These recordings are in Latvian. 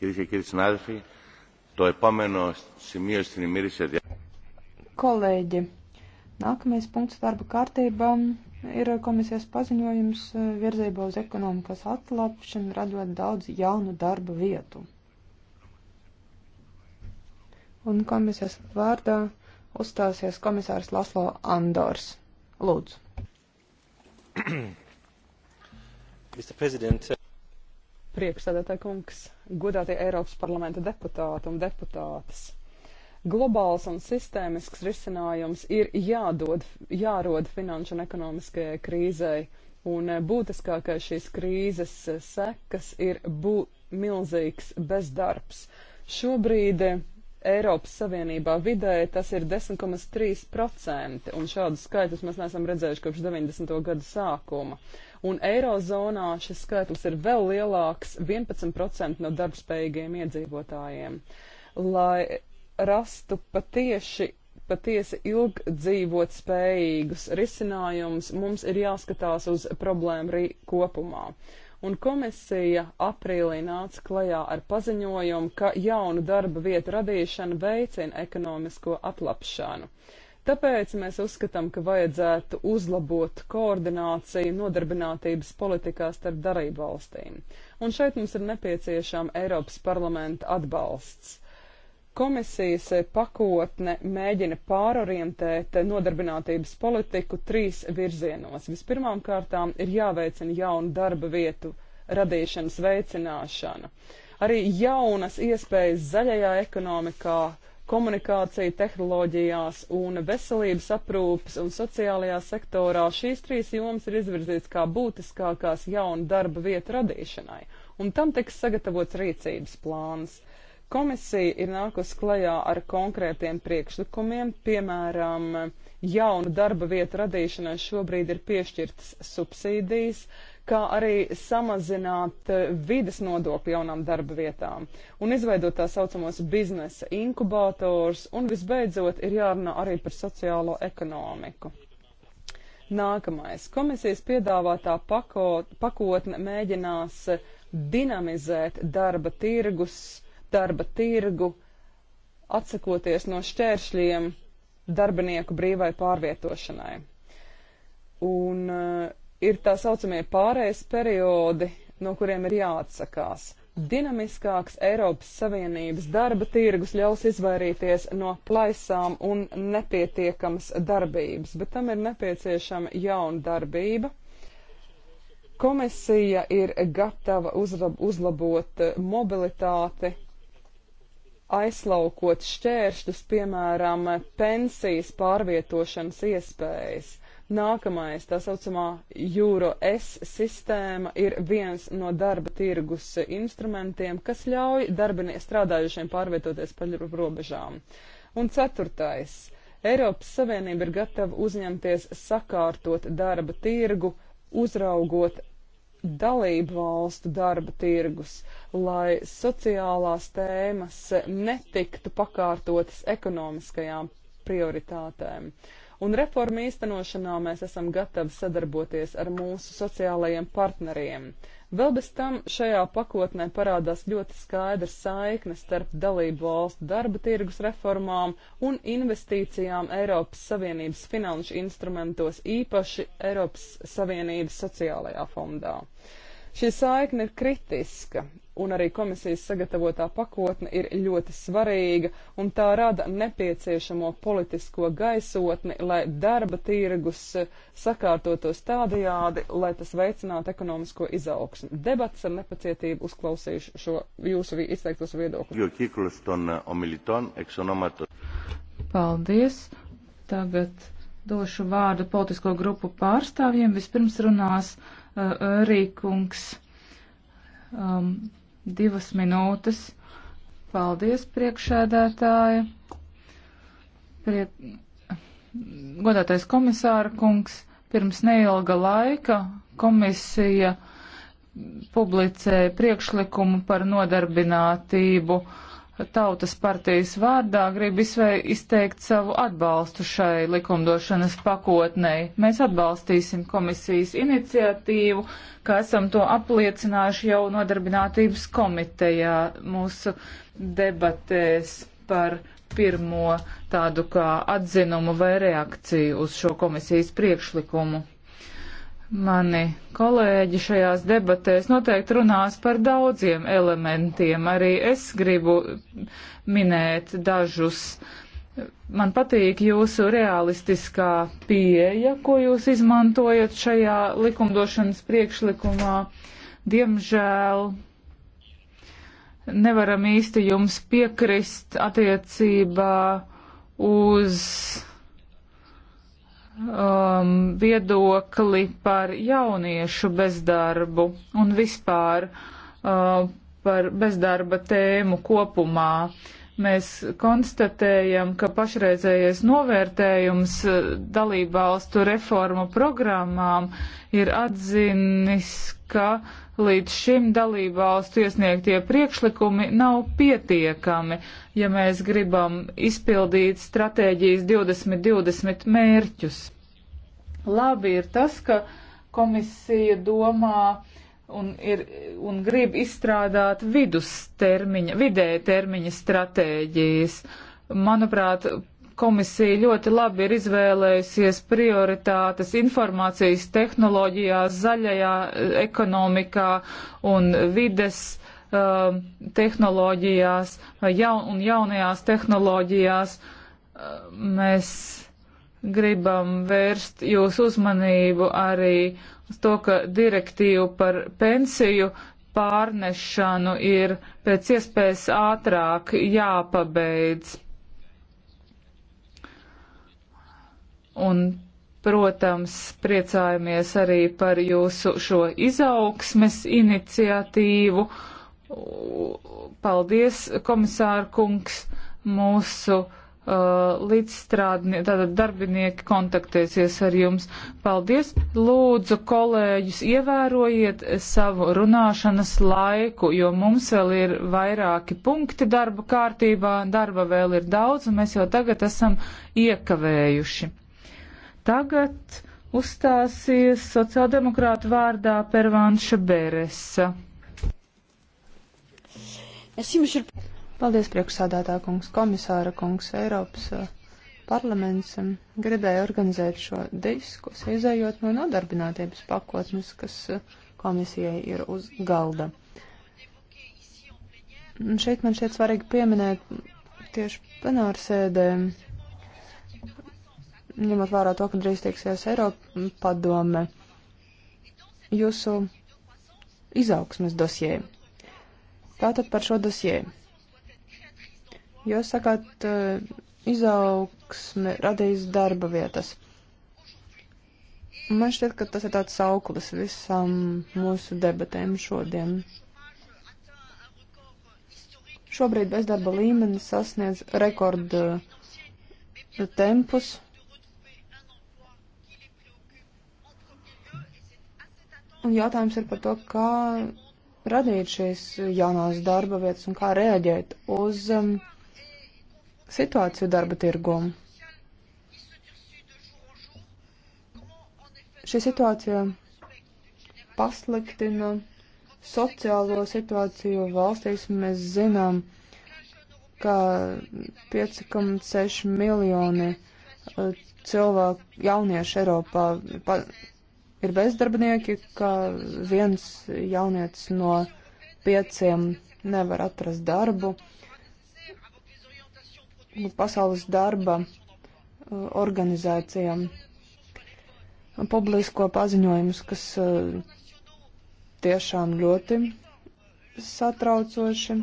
Κυρίε και κύριοι συνάδελφοι, το επόμενο σημείο στην ημερήσια διάταξη. Kolēģi, nākamais punkts darba kārtībā ir komisijas paziņojums eh, virzībā uz ekonomikas atlapšanu, radot daudz jaunu darba vietu. Un komisijas vārdā uzstāsies komisārs Laslo Andors. Lūdzu. Mr. President, priekšsēdētāja kungs, godātie Eiropas parlamenta deputāti un deputātes. Globāls un sistēmisks risinājums ir jādod, jārod finanšu un ekonomiskajai krīzei, un būtiskākais šīs krīzes sekas ir bū, milzīgs bezdarbs. Šobrīd Eiropas Savienībā vidēji tas ir 10,3%, un šādus skaitļus mēs neesam redzējuši kopš 90. gadu sākuma. Uh, un Eirozonā šis skaitlis ir vēl lielāks - 11% no darbspējīgiem iedzīvotājiem. Lai rastu patieši patiesi ilgdzīvot spējīgus risinājumus, mums ir jāskatās uz problēmu kopumā. Un komisija aprīlī nāca klajā ar paziņojumu, ka jaunu darba vietu radīšana veicina ekonomisko atlapšanu. Uh, Tāpēc mēs uzskatām, ka vajadzētu uzlabot koordināciju nodarbinātības politikā starp darību valstīm. Un šeit mums ir nepieciešama Eiropas parlamenta atbalsts. Komisijas pakotne mēģina pārorientēt nodarbinātības politiku trīs virzienos. Vispirmām kārtām ir jāveicina jaunu darba vietu radīšanas veicināšana. Arī jaunas iespējas zaļajā ekonomikā, uh, komunikāciju tehnoloģijās un veselības aprūpas un sociālajā sektorā šīs trīs jomas ir izvirzīts kā būtiskākās jaunu darba vietu radīšanai, un tam tiks sagatavots rīcības plāns. Komisija ir nākus klajā ar konkrētiem priekšlikumiem, piemēram, jaunu darba vietu radīšanai šobrīd ir piešķirtas subsīdijas, uh, kā arī samazināt eh, vidas nodokli jaunām darba vietām un izveidot tā saucamos biznesa inkubators, un visbeidzot ir jārunā arī par sociālo ekonomiku. Nākamais. Komisijas piedāvātā pakot, pakotne mēģinās dinamizēt darba tirgus, darba tirgu, atsakoties no šķēršļiem darbinieku brīvai pārvietošanai. Un uh, ir tā saucamie pārējais periodi, no kuriem ir jāatsakās. Dinamiskāks Eiropas Savienības darba tirgus ļaus izvairīties no plaisām un nepietiekamas darbības, bet tam ir nepieciešama jauna darbība. Komisija ir gatava uzlabot mobilitāti, aizlaukot šķēršļus, piemēram, pensijas pārvietošanas iespējas. Nākamais, tā saucamā Euro S sistēma, ir viens no darba tirgus instrumentiem, kas ļauj darbinie strādājušiem pārvietoties pa robežām. Un ceturtais, Eiropas Savienība ir gatava uzņemties sakārtot darba tirgu, uzraugot dalību valstu darba tirgus, lai sociālās tēmas netiktu pakārtotas ekonomiskajām prioritātēm. Uh, un reformu īstenošanā mēs esam gatavi sadarboties ar mūsu sociālajiem partneriem. Vēl bez tam šajā pakotnē parādās ļoti skaidra saikne starp dalību valstu darba tirgus reformām un investīcijām Eiropas Savienības finanšu instrumentos, īpaši Eiropas Savienības sociālajā fondā. Uh, Šī saikne ir kritiska, un arī komisijas sagatavotā pakotne ir ļoti svarīga, un tā rada nepieciešamo politisko gaisotni, lai darba tirgus sakārtotos tādajādi, lai tas veicinātu ekonomisko izaugsmu. Debats ar nepacietību uzklausīšu šo jūsu izteiktos viedokļus. Uh, Paldies! Tagad došu vārdu politisko grupu pārstāvjiem. Vispirms runās. Eh, Rīkungs. Um, divas minūtes. Paldies, priekšēdētāja. Priek... Godātais komisāra kungs, pirms neilga laika komisija publicēja priekšlikumu par nodarbinātību. Uh, Tautas partijas vārdā grib izteikt savu atbalstu šai likumdošanas pakotnei. Mēs atbalstīsim komisijas iniciatīvu, kā esam to apliecinājuši jau nodarbinātības komitejā mūsu debatēs par pirmo tādu kā atzinumu vai reakciju uz šo komisijas priekšlikumu. Mani kolēģi šajās debatēs noteikti runās par daudziem elementiem. Arī es gribu minēt dažus. Man patīk jūsu realistiskā pieeja, ko jūs izmantojat šajā likumdošanas priekšlikumā. Diemžēl nevaram īsti jums piekrist attiecībā uz um, viedokli par jauniešu bezdarbu un vispār uh, par bezdarba tēmu kopumā. Mēs konstatējam, ka pašreizējais novērtējums uh, dalībvalstu reformu programmām ir atzinis, ka uh, Līdz šim dalībvalstu iesniegtie priekšlikumi nav pietiekami, ja mēs gribam izpildīt stratēģijas 2020 mērķus. Labi ir tas, ka komisija domā un, ir, un grib izstrādāt vidustermiņa, vidē termiņa stratēģijas. Manuprāt, Komisija ļoti labi ir izvēlējusies prioritātes informācijas tehnoloģijās, zaļajā eh, ekonomikā un vides uh, tehnoloģijās jaun, un jaunajās tehnoloģijās. Uh, mēs gribam vērst jūsu uzmanību arī uz to, ka direktīvu par pensiju pārnešanu ir pēc iespējas ātrāk jāpabeidz. un, protams, priecājamies arī par jūsu šo izaugsmes iniciatīvu. Paldies, komisāra kungs, mūsu uh, līdzstrādnieki, tātad darbinieki kontaktēsies ar jums. Paldies! Lūdzu, kolēģus, ievērojiet savu runāšanas laiku, jo mums vēl ir vairāki punkti darba kārtībā, darba vēl ir daudz, un mēs jau tagad esam iekavējuši. Tagad uzstāsies sociāldemokrātu vārdā Pervānša Bēresa. Paldies, priekšsādātā kungs, komisāra kungs, Eiropas uh, parlaments um, gribēja organizēt šo diskusiju, izējot no nodarbinātības pakotnes, kas uh, komisijai ir uz galda. Un šeit man šķiet svarīgi pieminēt tieši plenārsēdē ņemot vērā to, ka drīz tieksies Eiropa padome, jūsu izaugsmes dosjē. Tātad par šo dosjē. Jūs sakāt, e, izaugsme radīs darba vietas. Man šķiet, ka tas ir tāds sauklis visam mūsu debatēm šodien. Šobrīd bezdarba līmenis sasniedz rekordu tempus Un jautājums ir par to, kā radīt šīs jaunās darba vietas un kā reaģēt uz um, situāciju darba tirgumu. Šī situācija pasliktina sociālo situāciju valstīs. Mēs zinām, ka 5,6 miljoni uh, cilvēku jauniešu Eiropā ir bezdarbnieki, ka viens jaunietis no pieciem nevar atrast darbu. Nu, pasaules darba uh, organizācijām publisko paziņojumus, kas uh, tiešām ļoti satraucoši.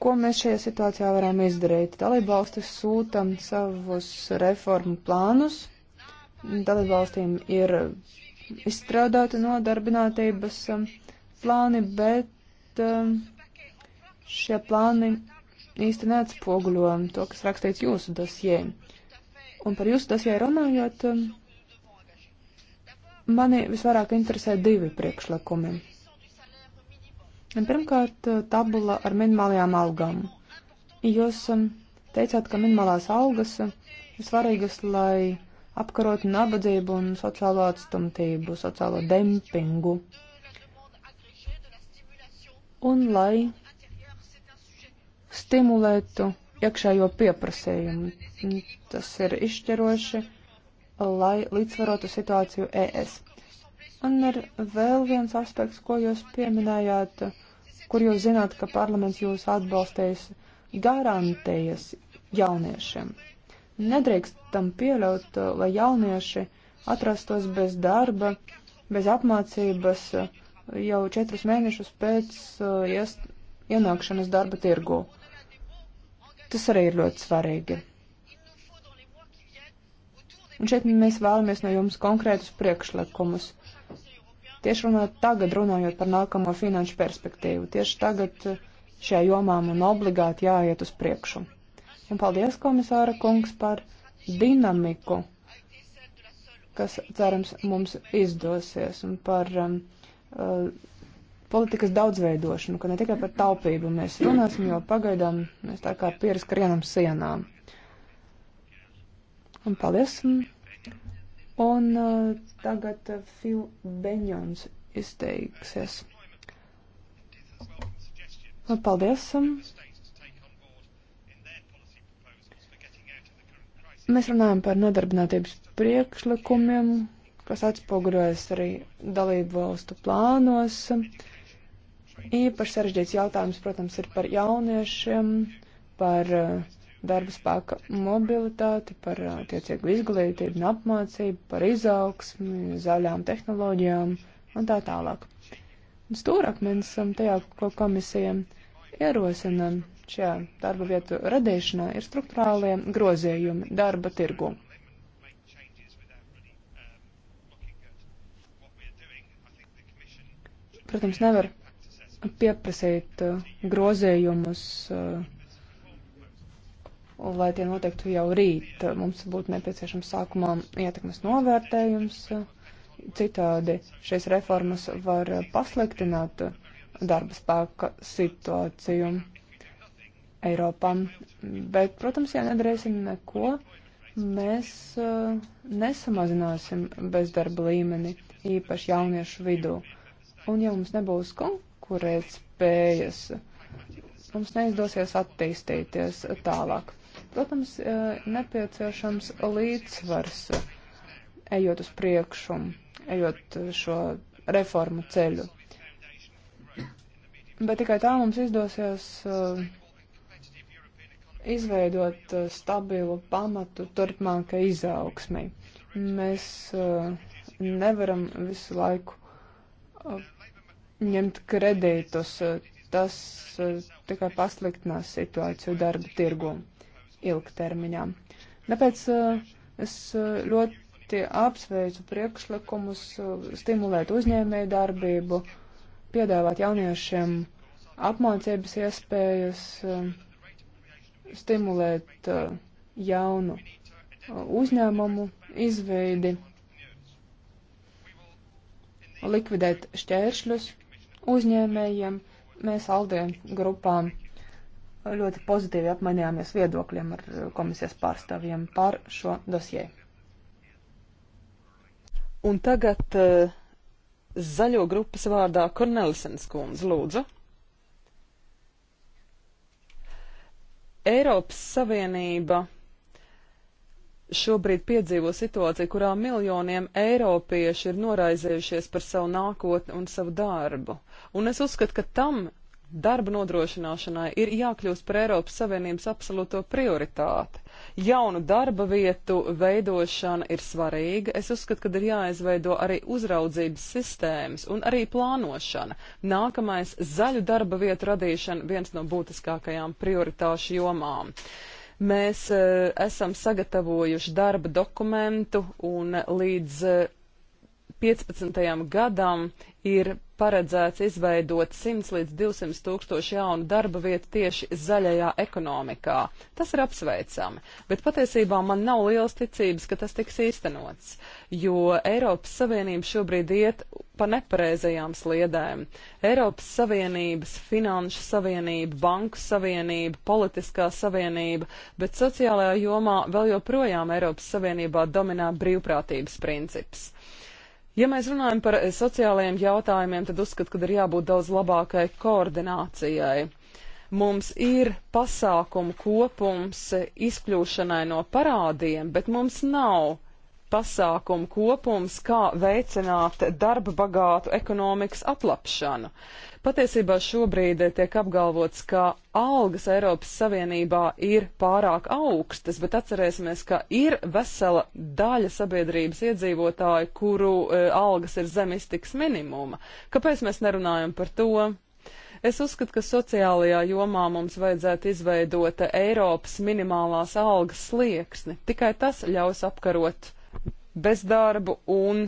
Ko mēs šajā situācijā varam izdarīt? Dalībvalstis sūta savus reformu plānus dalībvalstīm ir izstrādāti nodarbinātības um, plāni, bet um, šie plāni īsti neatspoguļo to, kas rakstīts jūsu dosjē. Un par jūsu dosjē runājot, um, mani visvairāk interesē divi priekšlikumi. Pirmkārt, tabula ar minimālajām algām. Jūs teicāt, ka minimālās algas ir svarīgas, lai apkarot nabadzību un sociālo atstumtību, sociālo dempingu. Un lai stimulētu iekšējo pieprasījumu. Tas ir izšķiroši, lai līdzsvarotu situāciju ES. Un ir vēl viens aspekts, ko jūs pieminējāt, kur jūs zināt, ka parlaments jūs atbalstīs garantējas jauniešiem. Nedrīkstam pieļaut, eh, lai jaunieši atrastos bez darba, bez apmācības eh, jau četrus mēnešus pēc eh, iest, ienākšanas darba tirgu. Tas arī ir ļoti svarīgi. Un šeit mēs vēlamies no jums konkrētus priekšlikumus. Tieši runāt tagad, runājot par nākamo finanšu perspektīvu, tieši tagad šajā jomā man obligāti jāiet uz priekšu. Un paldies, komisāra kungs, par dinamiku, kas, cerams, mums izdosies, un par um, uh, politikas daudzveidošanu, ka ne tikai par taupību mēs runāsim, jo pagaidām mēs tā kā pieraskrienam sienām. Un paldies. Un uh, tagad uh, Fil Beņons izteiksies. Un paldies. Um, Mēs runājam par nodarbinātības priekšlikumiem, kas atspoguļojas arī dalību valstu plānos. Īpaši sarežģīts jautājums, protams, ir par jauniešiem, par eh, darba spēka mobilitāti, par eh, attiecīgu izglītību un apmācību, par izaugsmi, zaļām tehnoloģijām un tā tālāk. Stūrakmens um, tajā, ko komisija ierosina, šajā darba vietu radīšanā ir struktūrālie grozījumi darba tirgu. Protams, nevar pieprasīt uh, grozījumus, uh, lai tie notiktu jau rīt. Mums būtu nepieciešams sākumā ietekmes novērtējums. Uh, citādi šīs reformas var pasliktināt darba spēka situāciju. Eiropā. Bet, protams, ja nedarīsim neko, mēs uh, nesamazināsim bezdarba līmeni, īpaši jauniešu vidū. Un ja mums nebūs konkurēt spējas, mums neizdosies attīstīties tālāk. Protams, uh, nepieciešams līdzsvars, ejot uz priekšu, ejot šo reformu ceļu. Bet tikai tā mums izdosies uh, izveidot eh, stabilu pamatu turpmākai izaugsmai. Mēs eh, nevaram visu laiku eh, ņemt kredītus. Tas tikai pasliktinās situāciju darba tirgu ilgtermiņā. Tāpēc es ļoti apsveicu priekšlikumus stimulēt uzņēmēju darbību, piedāvāt jauniešiem apmācības iespējas, uh, stimulēt uh, jaunu uh, uzņēmumu izveidi, likvidēt šķēršļus uzņēmējiem. Mēs Aldiem grupām ļoti pozitīvi apmainījāmies viedokļiem ar uh, komisijas pārstāvjiem par šo dosie. Un tagad zaļo grupas vārdā Kornelisens kundze lūdzu. Eiropas Savienība šobrīd piedzīvo situāciju, kurā miljoniem eiropiešu ir noraizējušies par savu nākotni un savu darbu. Un es uzskatu, ka tam darba nodrošināšanai ir jākļūst par Eiropas Savienības absolūto prioritāti. Jaunu darba vietu veidošana ir svarīga. Es uzskatu, ka ir jāizveido arī uzraudzības sistēmas un arī plānošana. Nākamais - zaļu darba vietu radīšana - viens no būtiskākajām prioritāšu jomām. Mēs e, esam sagatavojuši darba dokumentu un līdz e, 15. gadam ir paredzēts izveidot 100 līdz 200 tūkstoši jaunu darba vietu tieši zaļajā ekonomikā. Tas ir apsveicami, bet patiesībā man nav liels ticības, ka tas tiks īstenots, jo Eiropas Savienība šobrīd iet pa nepareizajām sliedēm. Eiropas Savienības, Finanšu Savienība, Banku Savienība, Politiskā Savienība, bet sociālajā jomā vēl joprojām Eiropas Savienībā dominē brīvprātības princips. Ja mēs runājam par eh, sociālajiem jautājumiem, tad uzskatu, ka ir jābūt daudz labākai koordinācijai. Mums ir pasākumu kopums eh, izkļūšanai no parādiem, bet mums nav pasākumu kopums, kā veicināt darba bagātu ekonomikas atlapšanu. Uh, Patiesībā šobrīd eh, tiek apgalvots, ka algas Eiropas Savienībā ir pārāk augstas, bet atcerēsimies, ka ir vesela daļa sabiedrības iedzīvotāju, kuru e, algas ir zem iztiks minimuma. Kāpēc mēs nerunājam par to? Es uzskatu, ka sociālajā jomā mums vajadzētu izveidot eh, Eiropas minimālās algas slieksni. Tikai tas ļaus apkarot bezdarbu un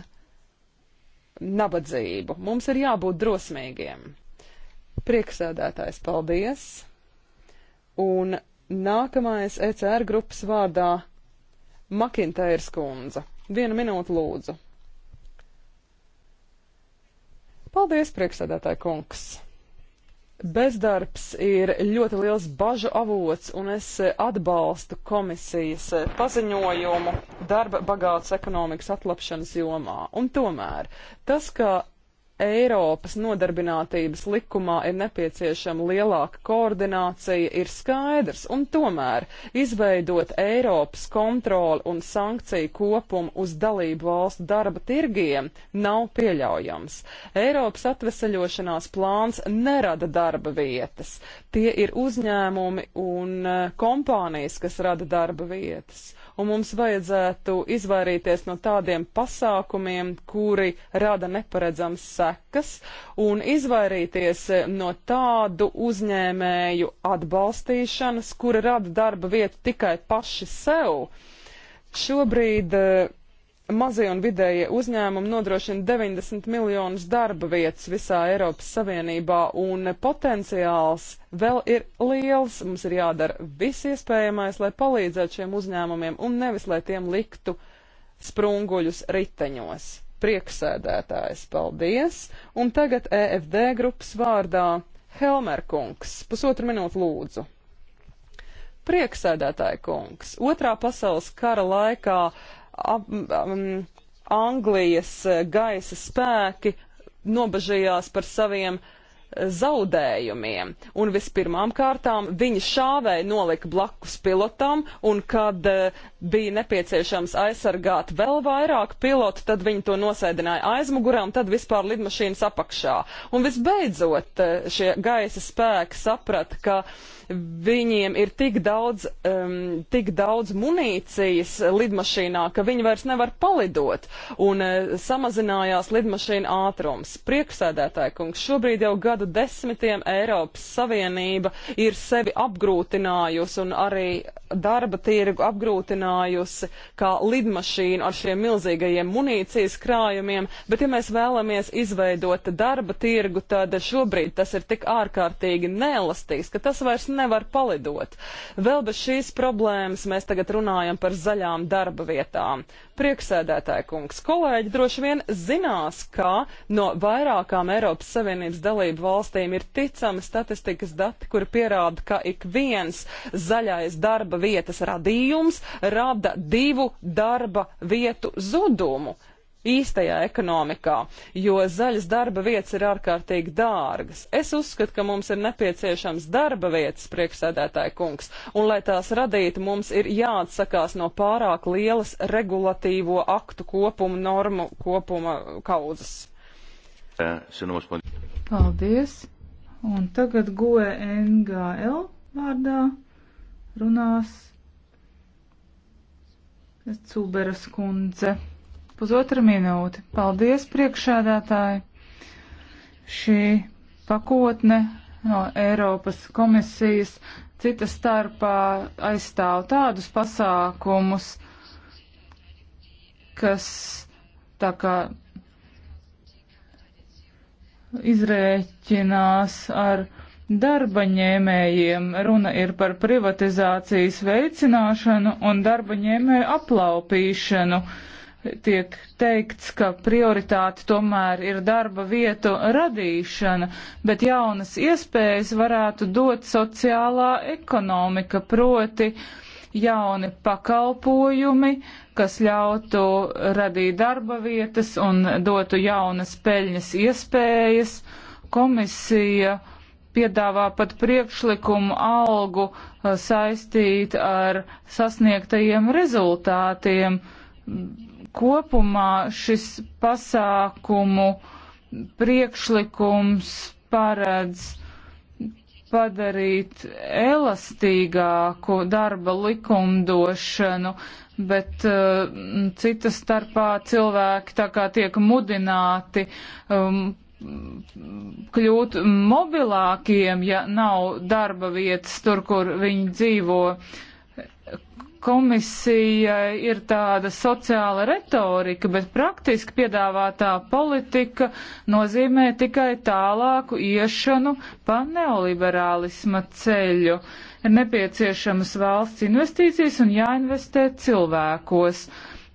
nabadzību. Mums ir jābūt drosmīgiem. Prieksēdētājs, paldies! Un nākamais ECR grupas vārdā Makintērs kundze. Vienu minūtu lūdzu. Paldies, prieksēdētāji kungs! Bezdarbs ir ļoti liels bažu avots, un es atbalstu komisijas paziņojumu darba bagātas ekonomikas atlapšanas jomā. Un tomēr tas, ka Eiropas nodarbinātības likumā ir nepieciešama lielāka koordinācija, ir skaidrs, un tomēr izveidot Eiropas kontroli un sankciju kopumu uz dalību valstu darba tirgiem nav pieļaujams. Eiropas atveseļošanās plāns nerada darba vietas. Tie ir uzņēmumi un eh, kompānijas, kas rada darba vietas un mums vajadzētu izvairīties no tādiem pasākumiem, kuri rada neparedzams sekas, un izvairīties no tādu uzņēmēju atbalstīšanas, kuri rada darba vietu tikai paši sev. Šobrīd uh, Mazie un vidējie uzņēmumi nodrošina 90 miljonus darba vietas visā Eiropas Savienībā, un potenciāls vēl ir liels. Mums ir jādara viss iespējamais, lai palīdzētu šiem uzņēmumiem, un nevis lai tiem liktu sprunguļus riteņos. Prieksēdētājs, paldies! Un tagad EFD grupas vārdā Helmerkungs. Pusotru minūtu lūdzu. Prieksēdētāja kungs. Otrā pasaules kara laikā uh, ap, um, Anglijas uh, gaisa spēki nobažījās par saviem uh, zaudējumiem. Un vispirmām kārtām viņi šāvēja nolika blakus pilotam, un kad uh, bija nepieciešams aizsargāt vēl vairāk pilotu, tad viņi to nosēdināja aizmugurē un tad vispār lidmašīnas apakšā. Un visbeidzot uh, šie gaisa spēki saprata, ka uh, viņiem ir tik daudz, um, tik daudz munīcijas lidmašīnā, ka viņi vairs nevar palidot, un uh, samazinājās lidmašīna ātrums. Prieksēdētāji kungs, šobrīd jau gadu desmitiem Eiropas Savienība ir sevi apgrūtinājusi un arī darba tirgu apgrūtinājusi kā lidmašīnu ar šiem milzīgajiem munīcijas krājumiem, bet ja mēs vēlamies izveidot darba tirgu, tad šobrīd tas ir tik ārkārtīgi neelastīgs, ka tas vairs ne nevar palidot. Vēl bez šīs problēmas mēs tagad runājam par zaļām darba vietām. Prieksēdētāja kungs, kolēģi droši vien zinās, ka no vairākām Eiropas Savienības dalību valstīm ir ticami statistikas dati, kuri pierāda, ka ik viens zaļais darba vietas radījums rada divu darba vietu zudumu īstajā ekonomikā, jo zaļas darba vietas ir ārkārtīgi dārgas. Es uzskatu, ka mums ir nepieciešams darba vietas, priekšsēdētāja kungs, un lai tās radītu, mums ir jāatsakās no pārāk lielas regulatīvo aktu kopuma normu kopuma kaudzes. Paldies! Un tagad goe NGL vārdā runās Cuberas kundze. Pusotra minūte. Paldies, priekšādātāji. Šī pakotne no Eiropas komisijas cita starpā aizstāv tādus pasākumus, kas tā kā izrēķinās ar darba ņēmējiem. Runa ir par privatizācijas veicināšanu un darba ņēmēju aplaupīšanu. Uh, tiek teikts, ka prioritāte tomēr ir darba vietu radīšana, bet jaunas iespējas varētu dot sociālā ekonomika, proti jauni pakalpojumi, kas ļautu radīt darba vietas un dotu jaunas peļņas iespējas. Komisija piedāvā pat priekšlikumu algu eh, saistīt ar sasniegtajiem rezultātiem kopumā šis pasākumu priekšlikums paredz padarīt elastīgāku darba likumdošanu, bet uh, cita starpā cilvēki tā kā tiek mudināti um, kļūt mobilākiem, ja nav darba vietas tur, kur viņi dzīvo. Uh, komisijai ir tāda sociāla retorika, bet praktiski piedāvātā politika nozīmē tikai tālāku iešanu pa neoliberālisma ceļu. Ir nepieciešamas valsts investīcijas un jāinvestē cilvēkos.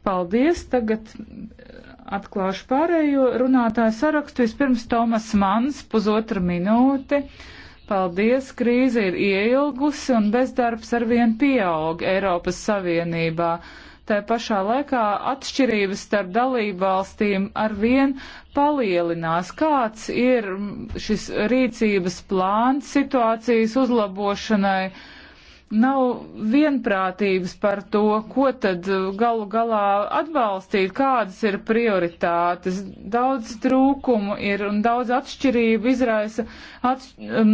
Paldies, tagad atklāšu pārējo runātāju sarakstu. Vispirms Tomas Mans, pusotra minūte. Uh, Paldies, krīze ir ieilgusi un bezdarbs arvien pieaug Eiropas Savienībā. Tā pašā laikā atšķirības starp dalībvalstīm arvien palielinās. Kāds ir šis rīcības plāns situācijas uzlabošanai? nav vienprātības par to, ko tad uh, galu galā atbalstīt, kādas ir prioritātes. Daudz trūkumu ir un daudz atšķirību izraisa, atš, um,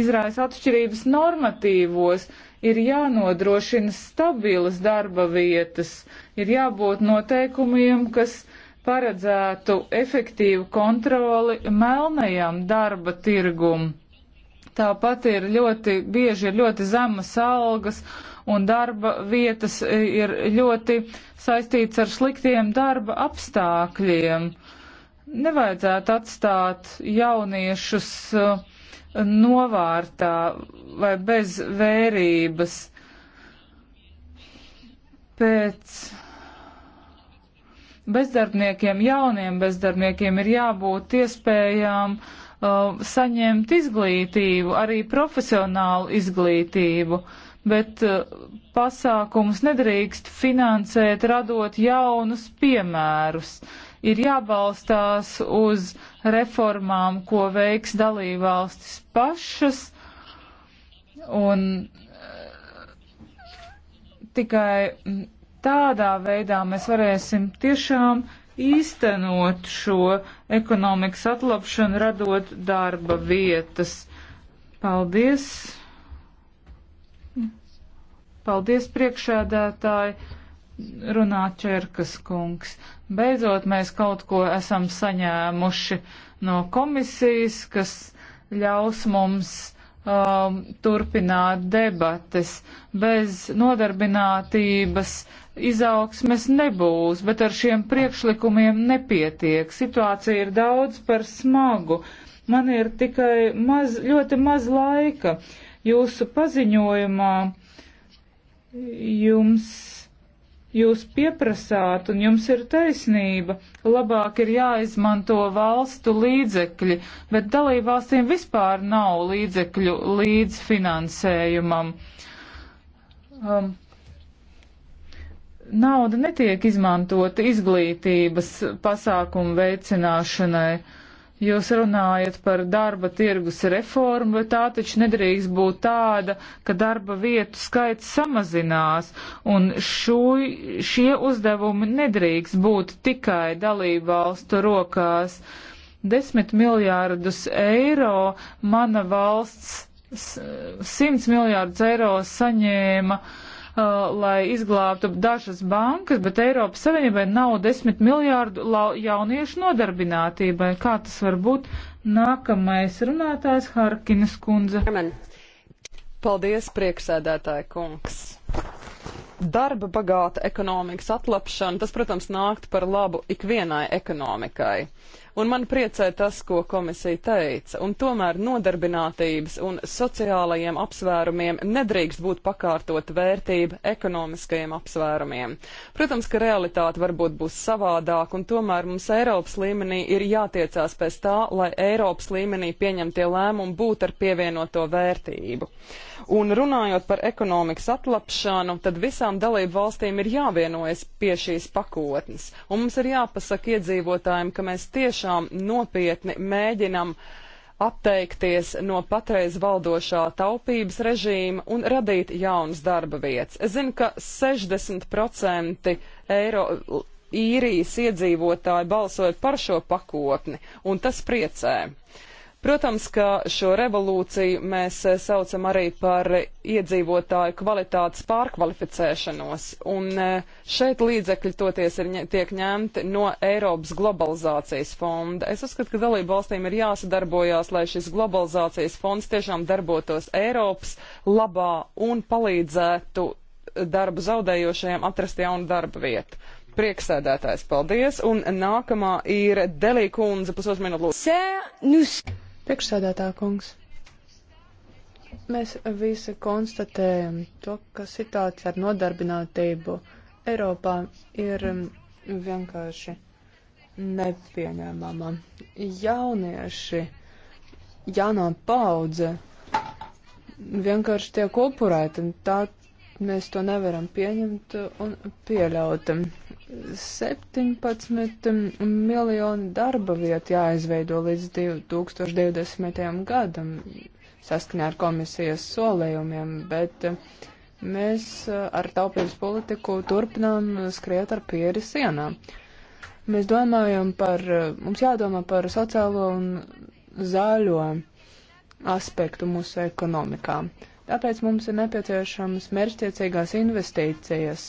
izraisa atšķirības normatīvos. Ir jānodrošina stabilas darba vietas, ir jābūt noteikumiem, kas paredzētu efektīvu kontroli melnajam darba tirgumam Tāpat ir ļoti bieži ir ļoti zemas algas un darba vietas e, ir ļoti saistīts ar sliktiem darba apstākļiem. Nevajadzētu atstāt jauniešus e, novārtā vai bez vērības. Pēc bezdarbniekiem, jauniem bezdarbniekiem ir jābūt iespējām uh, uh, saņemt izglītību, arī profesionālu izglītību, bet uh, pasākumus nedrīkst finansēt, radot jaunus piemērus. Ir jābalstās uz reformām, ko veiks dalībvalstis pašas, un uh, tikai mm, tādā veidā mēs varēsim tiešām īstenot šo ekonomikas atlapšanu, radot darba vietas. Paldies! Paldies priekšēdētāji! Runā Čerkas kungs. Beidzot, mēs kaut ko esam saņēmuši no komisijas, kas ļaus mums um, turpināt debates bez nodarbinātības izaugsmes nebūs, bet ar šiem priekšlikumiem nepietiek. Situācija ir daudz par smagu. Man ir tikai maz, ļoti maz laika. Jūsu paziņojumā jums, jūs pieprasāt, un jums ir taisnība, labāk ir jāizmanto valstu līdzekļi, bet dalībvalstīm vispār nav līdzekļu līdz finansējumam. Um, nauda netiek izmantota izglītības pasākumu veicināšanai. Jūs runājat par darba tirgus reformu, bet tā taču nedrīkst būt tāda, ka darba vietu skaits samazinās, un šo, šie uzdevumi nedrīkst būt tikai dalībvalstu rokās. Desmit miljārdus eiro mana valsts, simts miljārdus eiro saņēma uh, Uh, lai izglābtu dažas bankas, bet Eiropas Savienībai nav desmit miljārdu jauniešu nodarbinātībai. Kā tas var būt? Nākamais runātājs Harkinas kundze. Paldies, prieksēdētāja kungs! Darba bagāta ekonomikas atlapšana, tas, protams, nākt par labu ikvienai ekonomikai. Un man priecē tas, ko komisija teica, un tomēr nodarbinātības un sociālajiem apsvērumiem nedrīkst būt pakārtot vērtība ekonomiskajiem apsvērumiem. Protams, ka realitāte varbūt būs savādāk, un tomēr mums Eiropas līmenī ir jātiecās pēc tā, lai Eiropas līmenī pieņemtie lēmumi būtu ar pievienoto vērtību. Un runājot par ekonomikas atlapšanu, tad visām dalību valstīm ir jāvienojas pie šīs pakotnes. Un mums ir jāpasaka iedzīvotājiem, ka mēs tiešām tiešām nopietni mēģinam atteikties no patreiz valdošā taupības režīma un radīt jaunas darba vietas. Es zinu, ka 60% eiro īrijas iedzīvotāji balsoja par šo pakotni, un tas priecē. Protams, ka šo revolūciju mēs eh, saucam arī par iedzīvotāju kvalitātes pārkvalificēšanos, un eh, šeit līdzekļi toties ir, tiek ņemti no Eiropas globalizācijas fonda. Es uzskatu, ka dalību valstīm ir jāsadarbojās, lai šis globalizācijas fonds tiešām darbotos Eiropas labā un palīdzētu eh, darbu zaudējošajiem atrast jaunu darba vietu priekšsēdētājs. Paldies. Un nākamā ir Delī kundze pusotru minūtu lūdzu. Priekšsēdētā kungs. Mēs visi konstatējam to, ka situācija ar nodarbinātību Eiropā ir mm, vienkārši nepieņēmama. Jaunieši, jaunā paudze vienkārši tiek upurēti, un tā mēs to nevaram pieņemt un pieļaut. 17 miljoni darba vietu jāizveido līdz 2020. gadam saskaņā ar komisijas solējumiem, bet mēs ar taupības politiku turpinām skriet ar pieri sienā. Mēs domājam par, mums jādomā par sociālo un zaļo aspektu mūsu ekonomikā. Tāpēc mums ir nepieciešams mērķtiecīgās investīcijas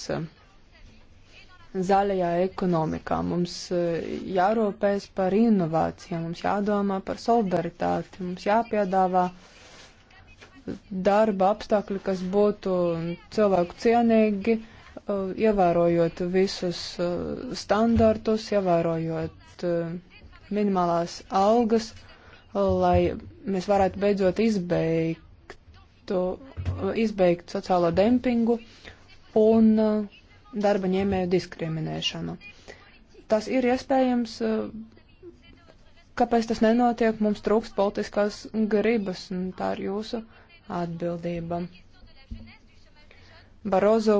zaļajā ekonomikā. Mums eh, jārūpēs par inovācijām, mums jādomā par solidaritāti, mums jāpiedāvā darba apstākļi, kas būtu cilvēku cienīgi, eh, ievērojot visus eh, standartus, ievērojot minimālās algas, lai mēs varētu beidzot izbeigt, izbeigt sociālo dempingu un uh, darba ņēmēju diskriminēšanu. Tas ir iespējams, eh, kāpēc tas nenotiek, mums trūkst politiskās gribas, un tā ir jūsu atbildība. Barozo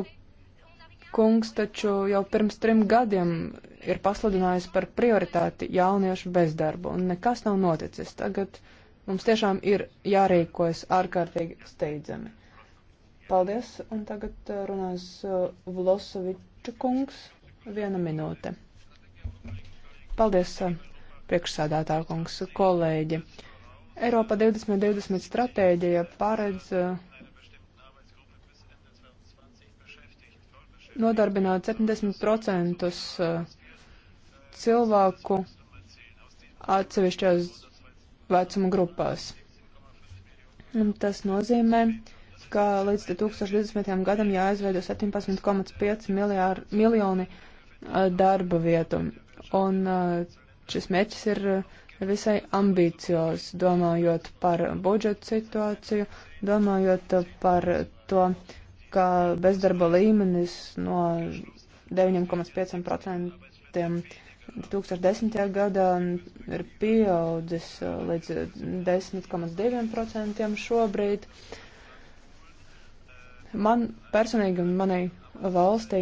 kungs taču jau pirms trim gadiem ir pasludinājis par prioritāti jauniešu bezdarbu, un nekas nav noticis. Tagad mums tiešām ir jārīkojas ārkārtīgi steidzami. Paldies, un tagad uh, runās uh, Vlosoviča kungs. Viena minūte. Paldies, uh, priekšsādātā kungs, kolēģi. Eiropa 2020 stratēģija paredz nodarbināt 70% cilvēku atsevišķās vecuma grupās. Un tas nozīmē, ka līdz 2020. gadam jāizveido 17,5 miljoni darba vietu. Un šis mērķis ir visai ambiciozs, domājot par budžetu situāciju, domājot par to, ka bezdarba līmenis no 9,5% 2010. gadā ir pieaudzis līdz 10,2% šobrīd. Uh, Man personīgi un manai valstī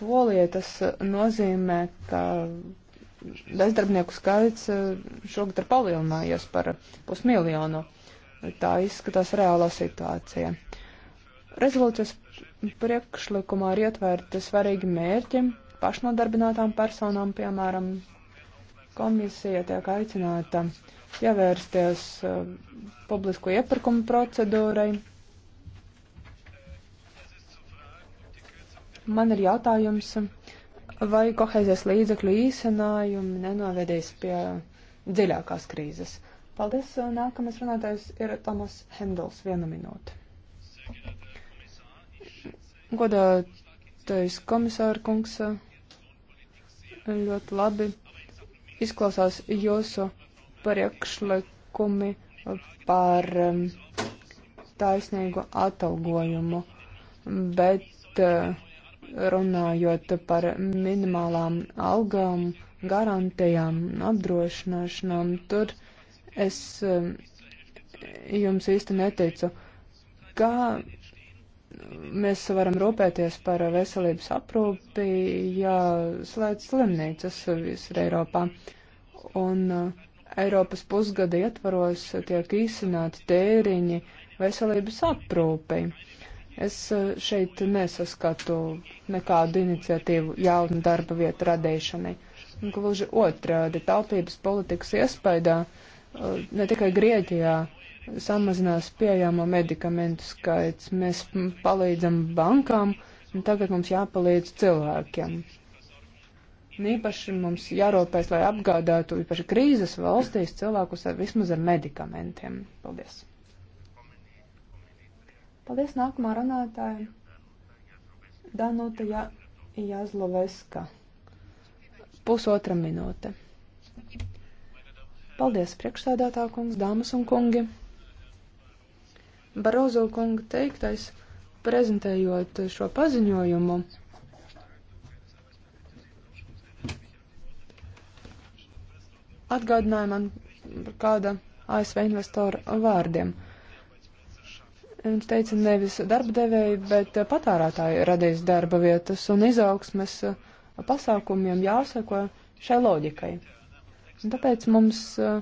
Polija tas uh, nozīmē, ka bezdarbnieku skaits uh, šogad ir palielinājies par pusmiljonu. Tā izskatās reālā situācija. Rezolūcijas priekšlikumā ir ietverti svarīgi mērķi pašnodarbinātām personām, piemēram, komisija tiek aicināta pievērsties uh, publisko iepirkumu procedūrai, Man ir jautājums, vai kohēzijas līdzekļu īsenājumi nenovedīs pie dziļākās krīzes. Paldies. Nākamais runātājs ir Tomas Hendels. Viena minūte. Godātais komisāra kungs, ļoti labi izklausās jūsu priekšlikumi par um, taisnīgu atalgojumu, bet uh, runājot par minimālām algām, garantijām, apdrošināšanām, tur es um, jums īsti neticu. Kā mēs varam rūpēties par veselības aprūpi, ja slēdz slimnīcas visur Eiropā? Un uh, Eiropas pusgada ietvaros tiek īsināti tēriņi veselības aprūpei Es e, šeit nesaskatu nekādu iniciatīvu jaunu darba vietu radīšanai. Gluži otrādi, taupības politikas iespaidā e, ne tikai Grieķijā samazinās pieejamo medikamentu skaits, mēs palīdzam bankām, un tagad mums jāpalīdz cilvēkiem. Un īpaši mums jārūpēs, lai apgādātu īpaši krīzes valstīs cilvēkus ar vismaz ar medikamentiem. Paldies! Paldies nākamā runātāja Danuta ja Jazloveska. Pusotra minūte. Paldies priekšsādātā kungs, dāmas un kungi. Barozo kunga teiktais, prezentējot šo paziņojumu, atgādināja man par kāda ASV investora vārdiem. Uh, Viņš teica, nevis darba devēji, bet eh, patārātāji radīs darba vietas un izaugsmes eh, pasākumiem jāsako šai loģikai. Un tāpēc mums eh,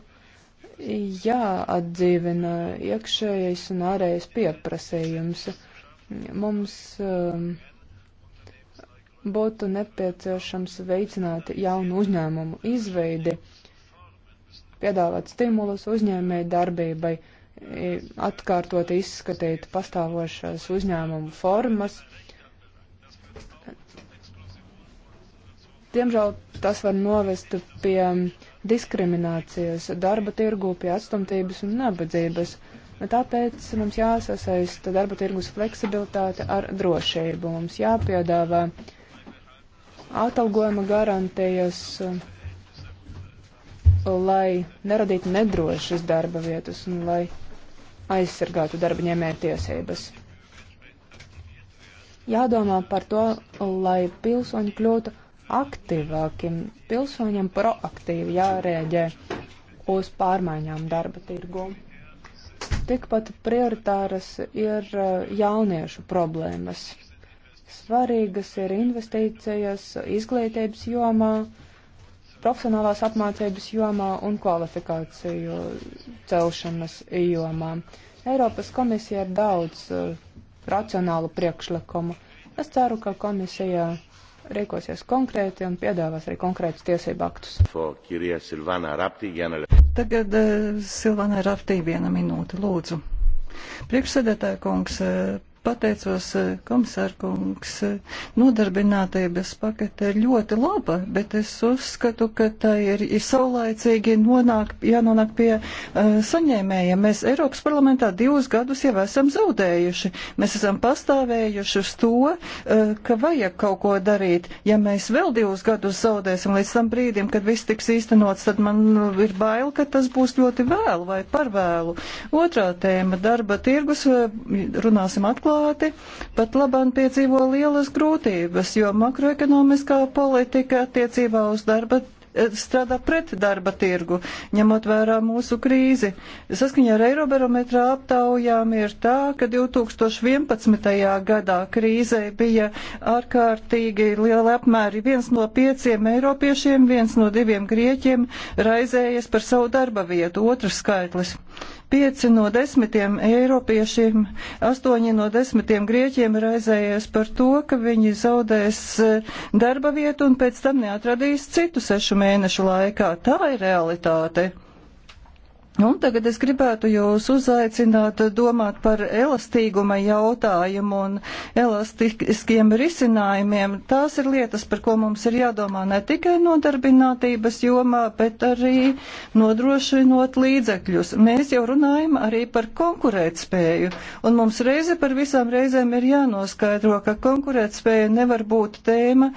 jāatdzīvina iekšējais un ārējais pieprasījums. Mums būtu nepieciešams veicināt jaunu uzņēmumu izveidi, piedāvāt stimulus uzņēmēju darbībai atkārtot izskatīt pastāvošās uzņēmumu formas. Diemžēl tas var novest pie diskriminācijas darba tirgu, pie atstumtības un nabadzības. Tāpēc mums jāsasaista darba tirgus fleksibilitāte ar drošību. Mums jāpiedāvā atalgojuma garantijas, lai neradītu nedrošas darba vietas un lai aizsargātu darba ņēmēju tiesības. Jādomā par to, lai pilsoņi kļūtu aktīvāki, pilsoņiem proaktīvi jārēģē uz pārmaiņām darba tirgu. Tikpat prioritāras ir uh, jauniešu problēmas. Svarīgas ir investīcijas izglītības jomā, uh, profesionālās apmācības jomā un kvalifikāciju celšanas jomā. Eiropas komisija ir daudz uh, racionālu priekšlikumu. Es ceru, ka komisija rīkosies konkrēti un piedāvās arī konkrētus tiesību aktus. Tagad uh, Silvana Raptī viena minūte, lūdzu. Priekšsēdētāja kungs, uh, Pateicos, eh, komisārkungs, eh, nodarbinātības pakete ir ļoti laba, bet es uzskatu, ka tā ir, ir saulaicīgi nonāk, jānonāk pie uh, saņēmējiem. Mēs Eiropas parlamentā divus gadus jau esam zaudējuši. Mēs esam pastāvējuši uz to, uh, ka vajag kaut ko darīt. Ja mēs vēl divus gadus zaudēsim līdz tam brīdim, kad viss tiks īstenots, tad man ir bail, ka tas būs ļoti vēlu vai par vēlu. Otrā tēma - darba tirgus. Runāsim atklāt turklāti pat labam piedzīvo lielas grūtības, jo makroekonomiskā politika attiecībā uz darba eh, strādā pret darba tirgu, ņemot vērā mūsu krīzi. Saskaņā ar Eirobarometra aptaujām ir tā, ka 2011. gadā krīzē bija ārkārtīgi liela apmēri. Viens no pieciem eiropiešiem, viens no diviem grieķiem raizējies par savu darba vietu, otrs skaitlis. Pieci no desmitiem eiropiešiem, astoņi no desmitiem grieķiem ir aizējies par to, ka viņi zaudēs eh, darba vietu un pēc tam neatradīs citu sešu mēnešu laikā. Tā ir realitāte. Un tagad es gribētu jūs uzaicināt domāt par elastīguma jautājumu un elastiskiem risinājumiem. Tās ir lietas, par ko mums ir jādomā ne tikai nodarbinātības jomā, bet arī nodrošinot līdzekļus. Mēs jau runājam arī par konkurētspēju, un mums reize par visām reizēm ir jānoskaidro, ka konkurētspēja nevar būt tēma,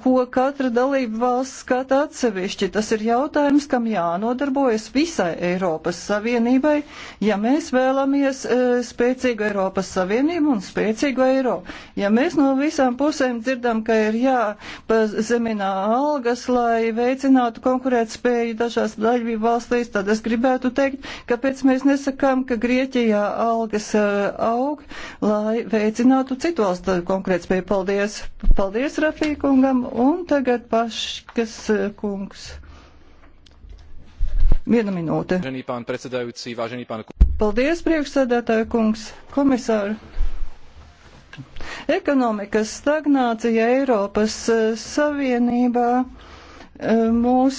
ko katra dalība valsts skata atsevišķi. Tas ir jautājums, kam jānodarbojas visai Eiropai. Eiropas Savienībai, ja mēs vēlamies e, spēcīgu Eiropas Savienību un spēcīgu eiro. Ja mēs no visām pusēm dzirdam, ka ir jāpazeminā algas, lai veicinātu konkurētspēju dažās daļvību valstīs, tad es gribētu teikt, kāpēc mēs nesakām, ka Grieķijā algas e, aug, lai veicinātu citu valstu konkurētspēju. Paldies! Paldies Rafīkungam un tagad paškas e, kungs. Viena minūte. Paldies, priekšsēdētāja kungs, komisāri. Ekonomikas stagnācija Eiropas eh, Savienībā mūs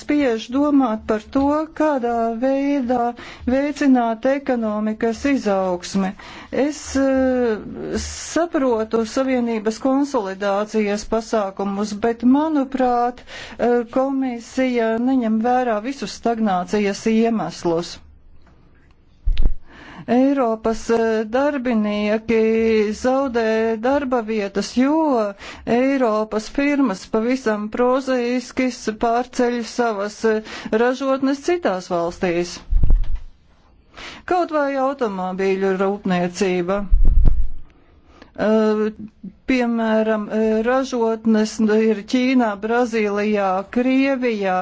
spiež domāt par to, kādā veidā veicināt ekonomikas izaugsmi. Es eh, saprotu Savienības konsolidācijas pasākumus, bet manuprāt, eh, komisija neņem vērā visus stagnācijas iemeslus. Eiropas eh, darbinieki zaudē darba vietas, jo Eiropas firmas pavisam prozaiski pārceļ savas eh, ražotnes citās valstīs. Kaut vai automobīļu rūpniecība. Eh, piemēram, eh, ražotnes ir Ķīnā, Brazīlijā, Krievijā,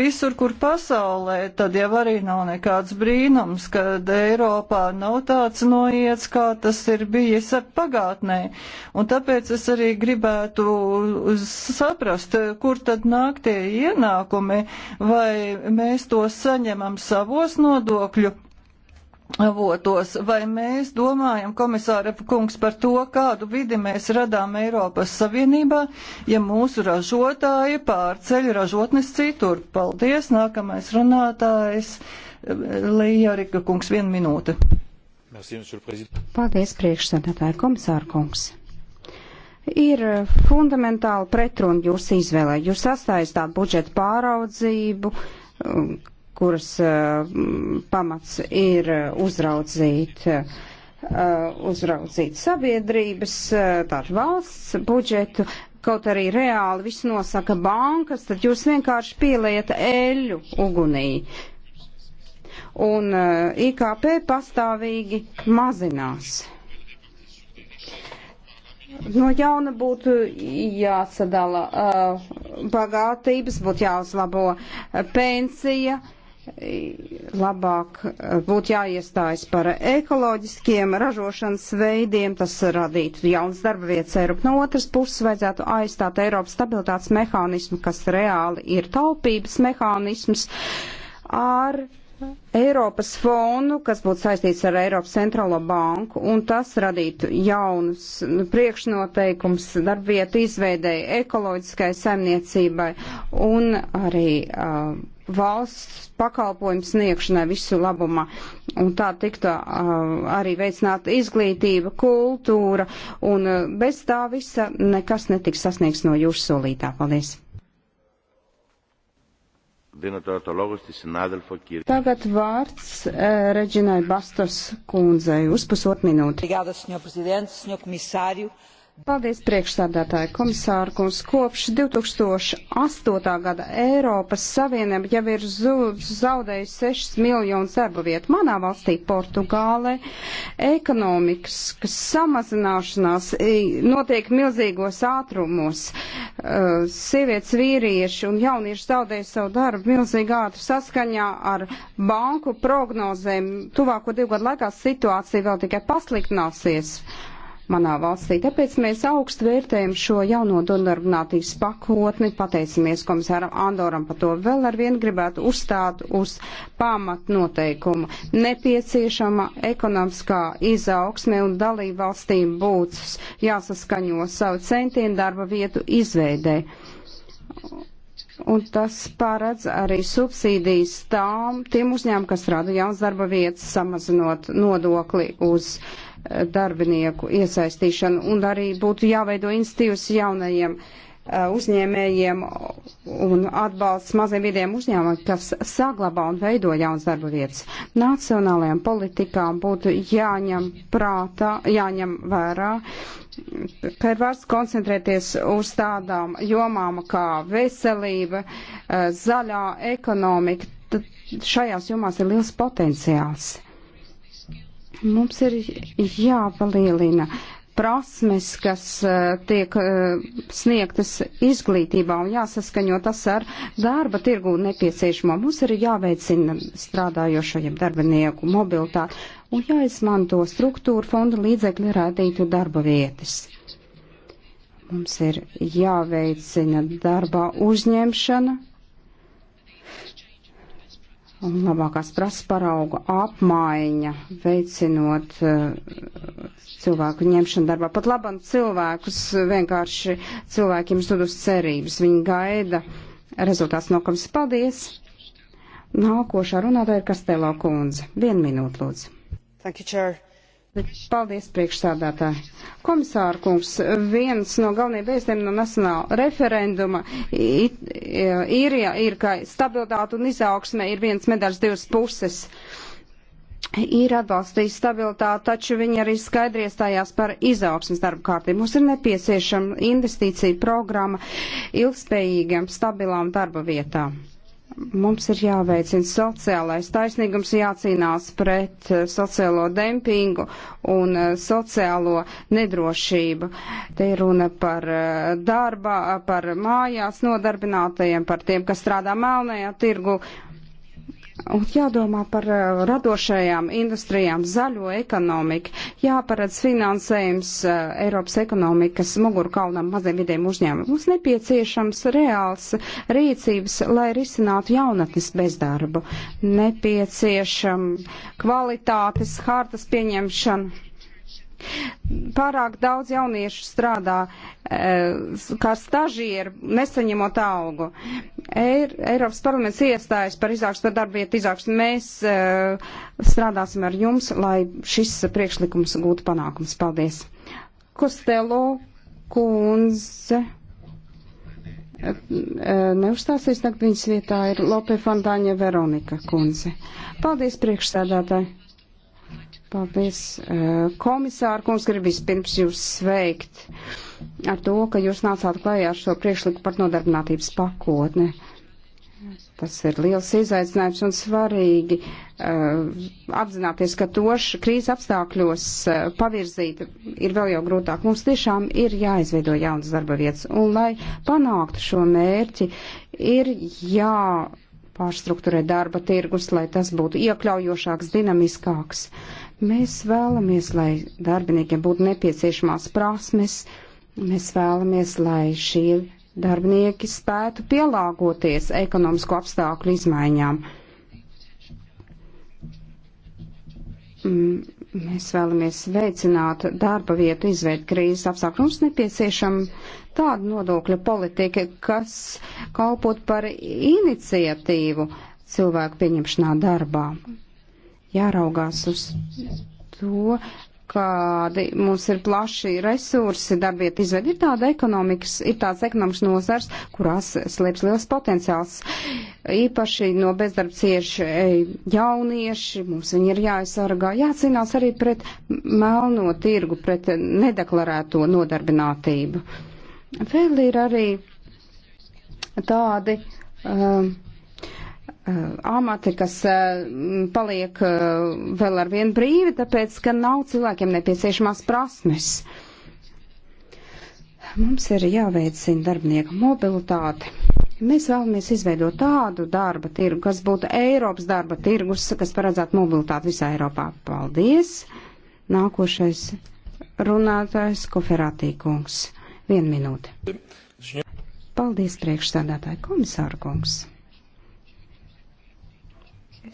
visur, kur pasaulē, tad jau arī nav nekāds brīnums, ka Eiropā nav tāds noiets, kā tas ir bijis pagātnē. Un tāpēc es arī gribētu saprast, kur tad nāk tie ienākumi, vai mēs to saņemam savos nodokļu avotos. Vai mēs domājam, komisāra kungs, par to, kādu vidi mēs radām Eiropas Savienībā, ja mūsu ražotāji pārceļ ražotnes citur? Paldies, nākamais runātājs Lījarika kungs, viena minūte. Paldies, priekšsēdētāja komisāra kungs. Ir fundamentāli pretruna jūsu izvēlē. Jūs sastājas tādu budžetu pāraudzību, um, kuras uh, pamats ir eh, uzraudzīt, uh, uzraudzīt sabiedrības, uh, tātad valsts budžetu, kaut arī reāli viss nosaka bankas, tad jūs vienkārši pieliet eļu ugunī. Un uh, IKP pastāvīgi mazinās. No jauna būtu jāsadala uh, bagātības, būtu jāuzlabo pensija, uh, labāk eh, būtu jāiestājas par ekoloģiskiem ražošanas veidiem, tas radītu jauns darba vietas Eiropu. No otras puses vajadzētu aizstāt Eiropas stabilitātes mehānismu, kas reāli ir taupības mehānisms, ar Eiropas fondu, kas būtu saistīts ar Eiropas centrālo banku, un tas radītu jaunus nu, priekšnoteikums darbvietu izveidēji ekoloģiskai saimniecībai un arī uh, valsts pakalpojumu sniegšanai visu labumā. Un tā tiktu uh, arī veicināta izglītība, kultūra, un uh, bez tā visa nekas netiks sasniegts no jūsu solītā. Paldies! Tagad vārds uh, Reģinai Bastos kundzei uz pusotru minūti. Obrigada, senhor presidente, senhor komisārio. Paldies priekšstādātāji komisāru kungs. Kopš 2008. gada Eiropas Savienība jau ir zaudējusi 6 miljonus darba vietu. Manā valstī, Portugālē, ekonomikas samazināšanās notiek milzīgos ātrumos. Uh, sievietes, vīrieši un jaunieši zaudēja savu darbu milzīgi ātri saskaņā ar banku prognozēm. Tuvāko divu gadu laikā situācija vēl tikai pasliktināsies manā valstī. Tāpēc mēs augstu vērtējam šo jauno donarbinātības pakotni, pateicamies komisāram Andoram par to. Vēl ar vienu gribētu uzstāt uz pamatnoteikumu. Nepieciešama ekonomiskā izaugsme un dalība valstīm būtis jāsaskaņo savu centienu darba vietu izveidē. Un tas paredz arī subsīdijas tām, tiem uzņēmumiem, kas rada jauns darba vietas, samazinot nodokli uz uh, darbinieku iesaistīšanu un arī būtu jāveido institīvas jaunajiem uh, uzņēmējiem un atbalsts maziem vidiem uzņēmumiem, kas saglabā un veido jaunas darba vietas. Nacionālajām politikām būtu jāņem prātā, jāņem vērā, ka ir vērts koncentrēties uz tādām jomām kā veselība, uh, zaļā ekonomika. Tad šajās jomās ir liels potenciāls. Mums ir jāpalielina prasmes, kas eh, tiek eh, sniegtas izglītībā un jāsaskaņo tas ar darba tirgu nepieciešamo. Mums ir jāveicina strādājošajiem darbinieku mobilitāti un jāizmanto struktūra fonda līdzekļi radītu darba vietas. Mums ir jāveicina darba uzņemšana, un labākās prasas parauga apmaiņa, veicinot uh, cilvēku ņemšanu darbā. Pat labam cilvēkus vienkārši cilvēkiem stud uz cerības. Viņi gaida rezultāts no kams. Paldies! Nākošā runātāja ir Kastelo kundze. Vienu minūtu, lūdzu. Thank you, Chair. Bet paldies priekšsādātāji. Komisāra kungs, viens no galvenajiem beidziem no nacionāla referenduma īrijā ir, ka stabilitāte un izaugsme ir viens medaļas divas puses. Ir atbalstījis stabilitāti, taču viņi arī skaidri iestājās par izaugsmas darbu kārtību. Mums ir nepieciešama investīcija programma ilgspējīgam, stabilām darba vietām Mums ir jāveicina sociālais taisnīgums, jācīnās pret eh, sociālo dempingu un eh, sociālo nedrošību. Te ir runa par eh, darba, par mājās nodarbinātajiem, par tiem, kas strādā melnajā tirgu. Uh, Un jādomā par eh, radošajām industrijām, zaļo ekonomiku, jāparedz finansējums eh, Eiropas ekonomikas mugurkaunam maziem vidiem uzņēmumiem. Mums nepieciešams reāls rīcības, lai risinātu jaunatnes bezdarbu. Nepieciešam kvalitātes hartas pieņemšana Pārāk daudz jauniešu strādā eh, kā stažieri, nesaņemot algu. Eiropas parlaments iestājas par izaugsmu, par darbvietu izaugsmu. Mēs eh, strādāsim ar jums, lai šis priekšlikums gūtu panākums. Paldies! Kostelo kundze eh, neuzstāsies, tagad viņas vietā ir Lope Fontāņa Veronika kundze. Paldies priekšsēdētāji! Paldies, eh, komisāra kungs, gribu vispirms jūs sveikt ar to, ka jūs nācāt klajā ar šo priekšliku par nodarbinātības pakotni. Tas ir liels izaicinājums un svarīgi uh, apzināties, ka toši krīzes apstākļos uh, pavirzīt ir vēl jau grūtāk. Mums tiešām ir jāizveido jaunas darba vietas, un lai panāktu šo mērķi, ir jā pārstruktūrē darba tirgus, lai tas būtu iekļaujošāks, dinamiskāks. Uh, Mēs vēlamies, lai darbiniekiem būtu nepieciešamās prasmes, mēs vēlamies, lai šie darbinieki spētu pielāgoties ekonomisko apstākļu izmaiņām. Mm, mēs vēlamies veicināt darba vietu izveidu krīzes apstākļu. Mums nepieciešama tāda nodokļa politika, kas kalpot par iniciatīvu cilvēku pieņemšanā darbā jāraugās uz to, kādi mums ir plaši resursi, darbiet izved. Ir tāda ekonomikas, ir tāds ekonomikas nozars, kurās slēpjas liels potenciāls. Īpaši no bezdarba cieši jaunieši, mums viņi ir jāaizsargā, jācīnās arī pret melno tirgu, pret nedeklarēto nodarbinātību. Vēl ir arī tādi. Um, amati, kas eh, paliek eh, vēl ar vienu brīvi, tāpēc, ka nav cilvēkiem nepieciešamās prasmes. Mums ir jāveicina darbinieku mobilitāte. Mēs vēlamies izveidot tādu darba tirgu, kas būtu Eiropas darba tirgus, kas paredzētu mobilitāti visā Eiropā. Paldies! Nākošais runātājs Koferātī kungs. Vienu minūti. Paldies, priekšstādātāji komisāra kungs.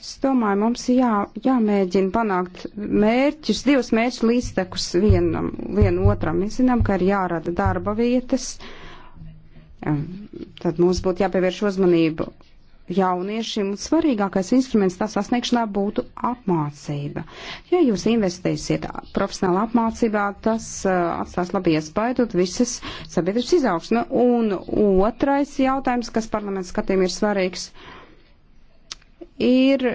Es domāju, mums jā, jāmēģina panākt mērķus, divus mērķus līdztekus vienam, vienu otram. Mēs zinām, ka ir jārada darba vietas, tad mums būtu jāpievērš uzmanību jauniešiem, un svarīgākais instruments tā sasniegšanā būtu apmācība. Ja jūs investēsiet profesionālā apmācībā, tas uh, atstās labi iespaidot visas sabiedrības izaugsmu. Un otrais jautājums, kas parlaments skatījumiem ir svarīgs. Uh, ir e,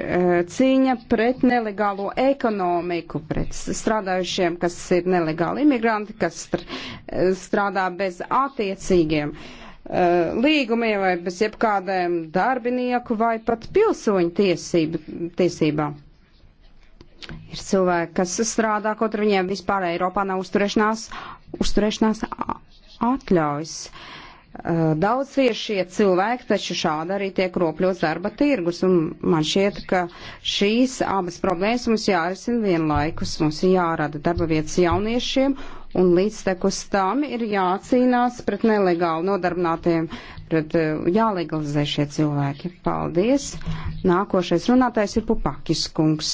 cīņa pret nelegālo ekonomiku, pret strādājušiem, kas ir nelegāli imigranti, kas e, strādā bez attiecīgiem e, līgumiem vai bez jebkādiem darbinieku vai pat pilsoņu tiesību, tiesībām. Ir cilvēki, kas strādā, kaut arī viņiem vispār Eiropā nav uzturēšanās, uzturēšanās atļaujas. Uh, Eh, daudz viešie cilvēki, taču šādi arī tiek ropļots darba tirgus, un man šķiet, ka šīs abas problēmas mums jārisina vienlaikus, mums ir jārada darba vietas jauniešiem, un līdztekus tam ir jācīnās pret nelegāli nodarbinātiem, pret eh, jālegalizē šie cilvēki. Paldies! Nākošais runātājs ir Pupakis kungs.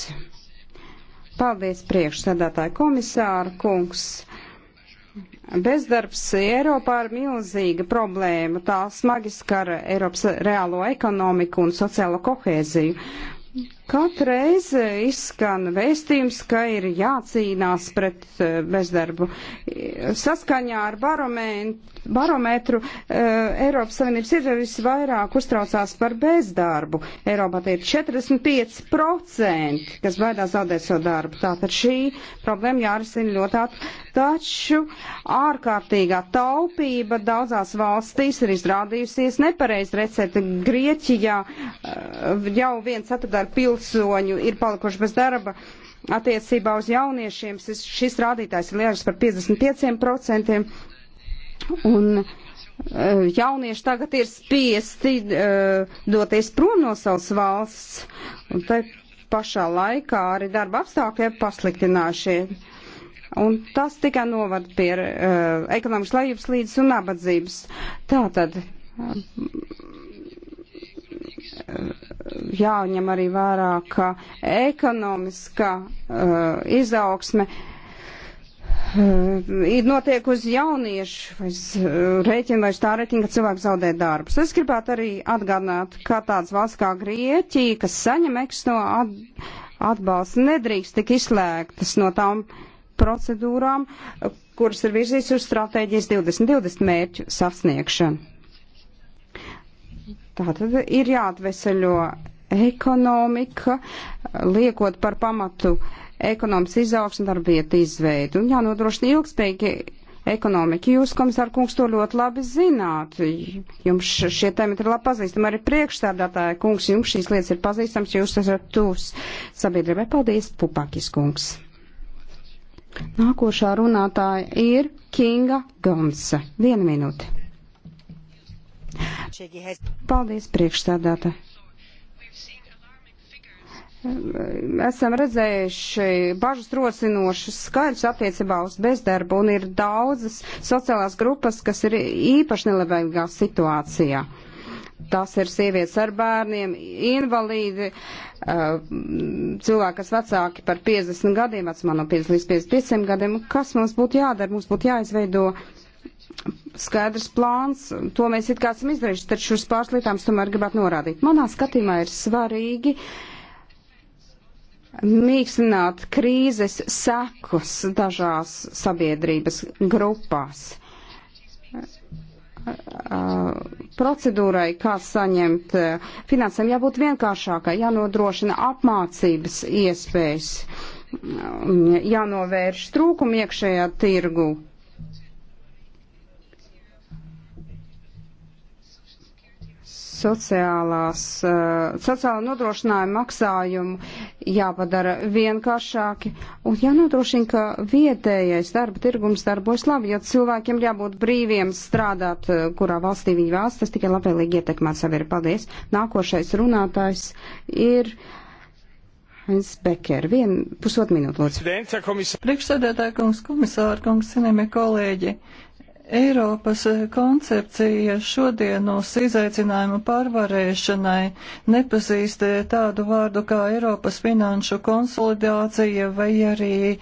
Paldies priekšsēdētāju komisāru kungs! Bezdarbs Eiropā ir milzīga problēma. Tā smagi skar Eiropas reālo ekonomiku un sociālo kohēziju. Katreiz izskan vēstījums, ka ir jācīnās pret eh, bezdarbu. Saskaņā ar barometru eh, Eiropas Savienības iedzīvotāji visvairāk uztraucās par bezdarbu. Eiropā tie ir 45%, kas baidās zaudēt savu darbu. Tātad šī problēma jārisina ļoti ātri. Taču ārkārtīgā taupība daudzās valstīs ir izrādījusies nepareiz recepti. Grieķijā eh, jau viens ceturtdaļ pils pilsoņu ir palikuši bez darba. Attiecībā uz jauniešiem šis, šis rādītājs ir lielāks par 55%, un eh, jaunieši tagad ir spiesti uh, doties prom no savas valsts, un te pašā laikā arī darba apstākļi pasliktināšie. Un tas tikai novad pie uh, ekonomikas lejupslīdes un nabadzības. Tātad. Uh, jāņem arī vērā, ka ekonomiskā uh, izaugsme uh, notiek uz jauniešu vai uh, rēķina vai tā rēķina, ka cilvēki zaudē darbus. Es gribētu arī atgādināt, ka tāds valsts kā Grieķija, kas saņem eksto atbalstu, nedrīkst tik izslēgtas no tām procedūrām, kuras ir virzīs uz stratēģijas 2020 mērķu sasniegšanu. Tātad ir jāatveseļo ekonomika, liekot par pamatu ekonomikas izaugsmu darbvietu izveidu un jānodrošina ilgspējīgi ekonomika. Jūs, komisār kungs, to ļoti labi zināt. Jums šie tēmi ir labi pazīstami. Arī priekšstādātāja kungs, jums šīs lietas ir pazīstams, jūs esat tūs sabiedrībai. Paldies, Pupakis kungs. Nākošā runātāja ir Kinga Gamsa. Viena minūte. Paldies, priekšstādāta. Esam redzējuši bažas rosinošus skaidrs attiecībā uz bezdarbu un ir daudzas sociālās grupas, kas ir īpaši nelabvēlīgā situācijā. Tās ir sievietes ar bērniem, invalīdi, cilvēki, kas vecāki par 50 gadiem, atsimā no 50 līdz 55 gadiem. Kas mums būtu jādara? Mums būtu jāizveido uh, skaidrs plāns, to mēs it kā esam izdarījuši, taču uz pāris lietām es tomēr gribētu norādīt. Manā skatījumā ir svarīgi mīkstināt krīzes sekus dažās sabiedrības grupās. Procedūrai, kā saņemt finansēm, jābūt vienkāršākai, jānodrošina apmācības iespējas, jānovērš trūkumi iekšējā tirgu, sociālās, eh, sociāla nodrošinājuma maksājumu jāpadara vienkāršāki un jānodrošina, ka vietējais darba tirgums darbojas labi, jo cilvēkiem jābūt brīviem strādāt, eh, kurā valstī viņi vēlas, tas tikai labvēlīgi ietekmē savieri. Paldies. Nākošais runātājs ir. Heinz Becker. Vienu pusotru minūtu, lūdzu. Priekšsēdētāja kungs, komisāra kungs, cienījamie kolēģi. Eiropas koncepcija šodien uz izaicinājumu pārvarēšanai nepazīst tādu vārdu kā Eiropas finanšu konsolidācija vai arī e,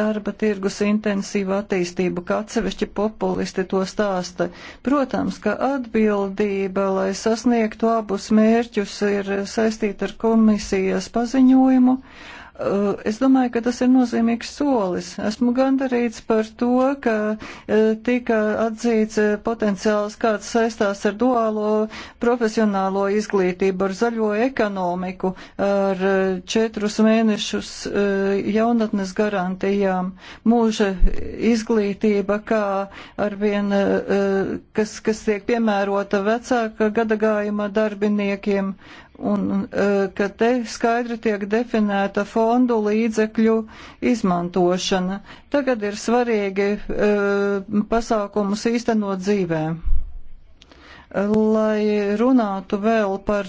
darba tirgus intensīva attīstība, kā atsevišķi populisti to stāsta. Protams, ka atbildība, lai sasniegtu abus mērķus, ir saistīta ar komisijas paziņojumu. Eh, es domāju, ka tas ir nozīmīgs solis. Esmu gandarīts par to, ka eh, tika atzīts eh, potenciāls, kāds saistās ar duālo profesionālo izglītību, ar zaļo ekonomiku, ar četrus mēnešus jaunatnes garantijām, mūža izglītība, kā arvien, kas, kas tiek piemērota vecāka gadagājuma darbiniekiem un e, ka te skaidri tiek definēta fondu līdzekļu izmantošana. Tagad ir svarīgi e, pasākumus īstenot dzīvē. Lai runātu vēl par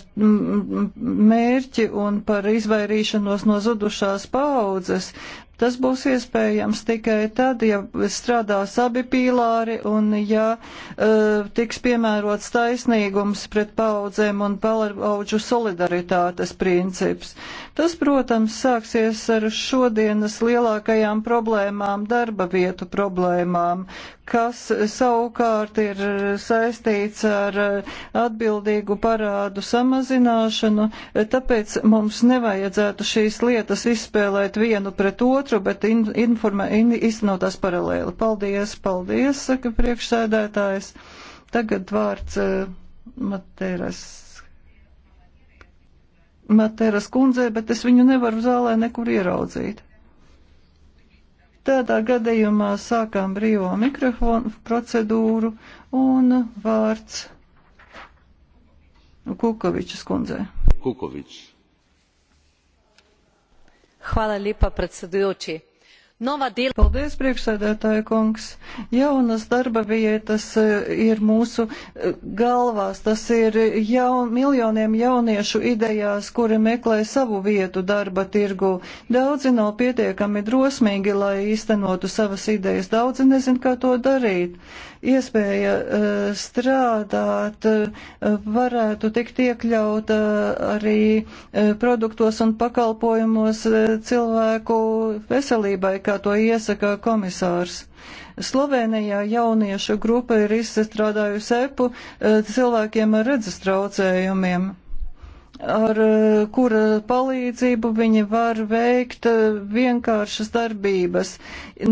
mērķi un par izvairīšanos no zudušās paudzes, Tas būs iespējams tikai tad, ja strādās abi pīlāri un ja uh, tiks piemērots taisnīgums pret paudzēm un palaudžu solidaritātes princips. Tas, protams, sāksies ar šodienas lielākajām problēmām, darba vietu problēmām, kas savukārt ir saistīts ar atbildīgu parādu samazināšanu, tāpēc mums nevajadzētu šīs lietas izspēlēt vienu pret otru, otru, bet in, informē, in, iznotās paralēli. Paldies, paldies, saka priekšsēdētājs. Tagad vārds uh, Materas. Materas kundzē, bet es viņu nevaru zālē nekur ieraudzīt. Tādā gadījumā sākām brīvo mikrofonu procedūru un vārds Kukovičas kundzē. Kukovičs. Hvala lepa, predsedujoči. Nova dela. Paldies, priekšsēdētāja kungs. Jaunas darba vietas eh, ir mūsu eh, galvās. Tas ir jaun, miljoniem jauniešu idejās, kuri meklē savu vietu darba tirgu. Daudzi nav pietiekami drosmīgi, lai īstenotu savas idejas. Daudzi nezin, kā to darīt iespēja eh, strādāt eh, varētu tikt iekļauta eh, arī produktos un pakalpojumos cilvēku veselībai, kā to iesaka komisārs. Slovenijā jauniešu grupa ir izstrādājusi epu cilvēkiem ar redzes traucējumiem ar eh, kura eh, palīdzību viņi var veikt eh, vienkāršas darbības.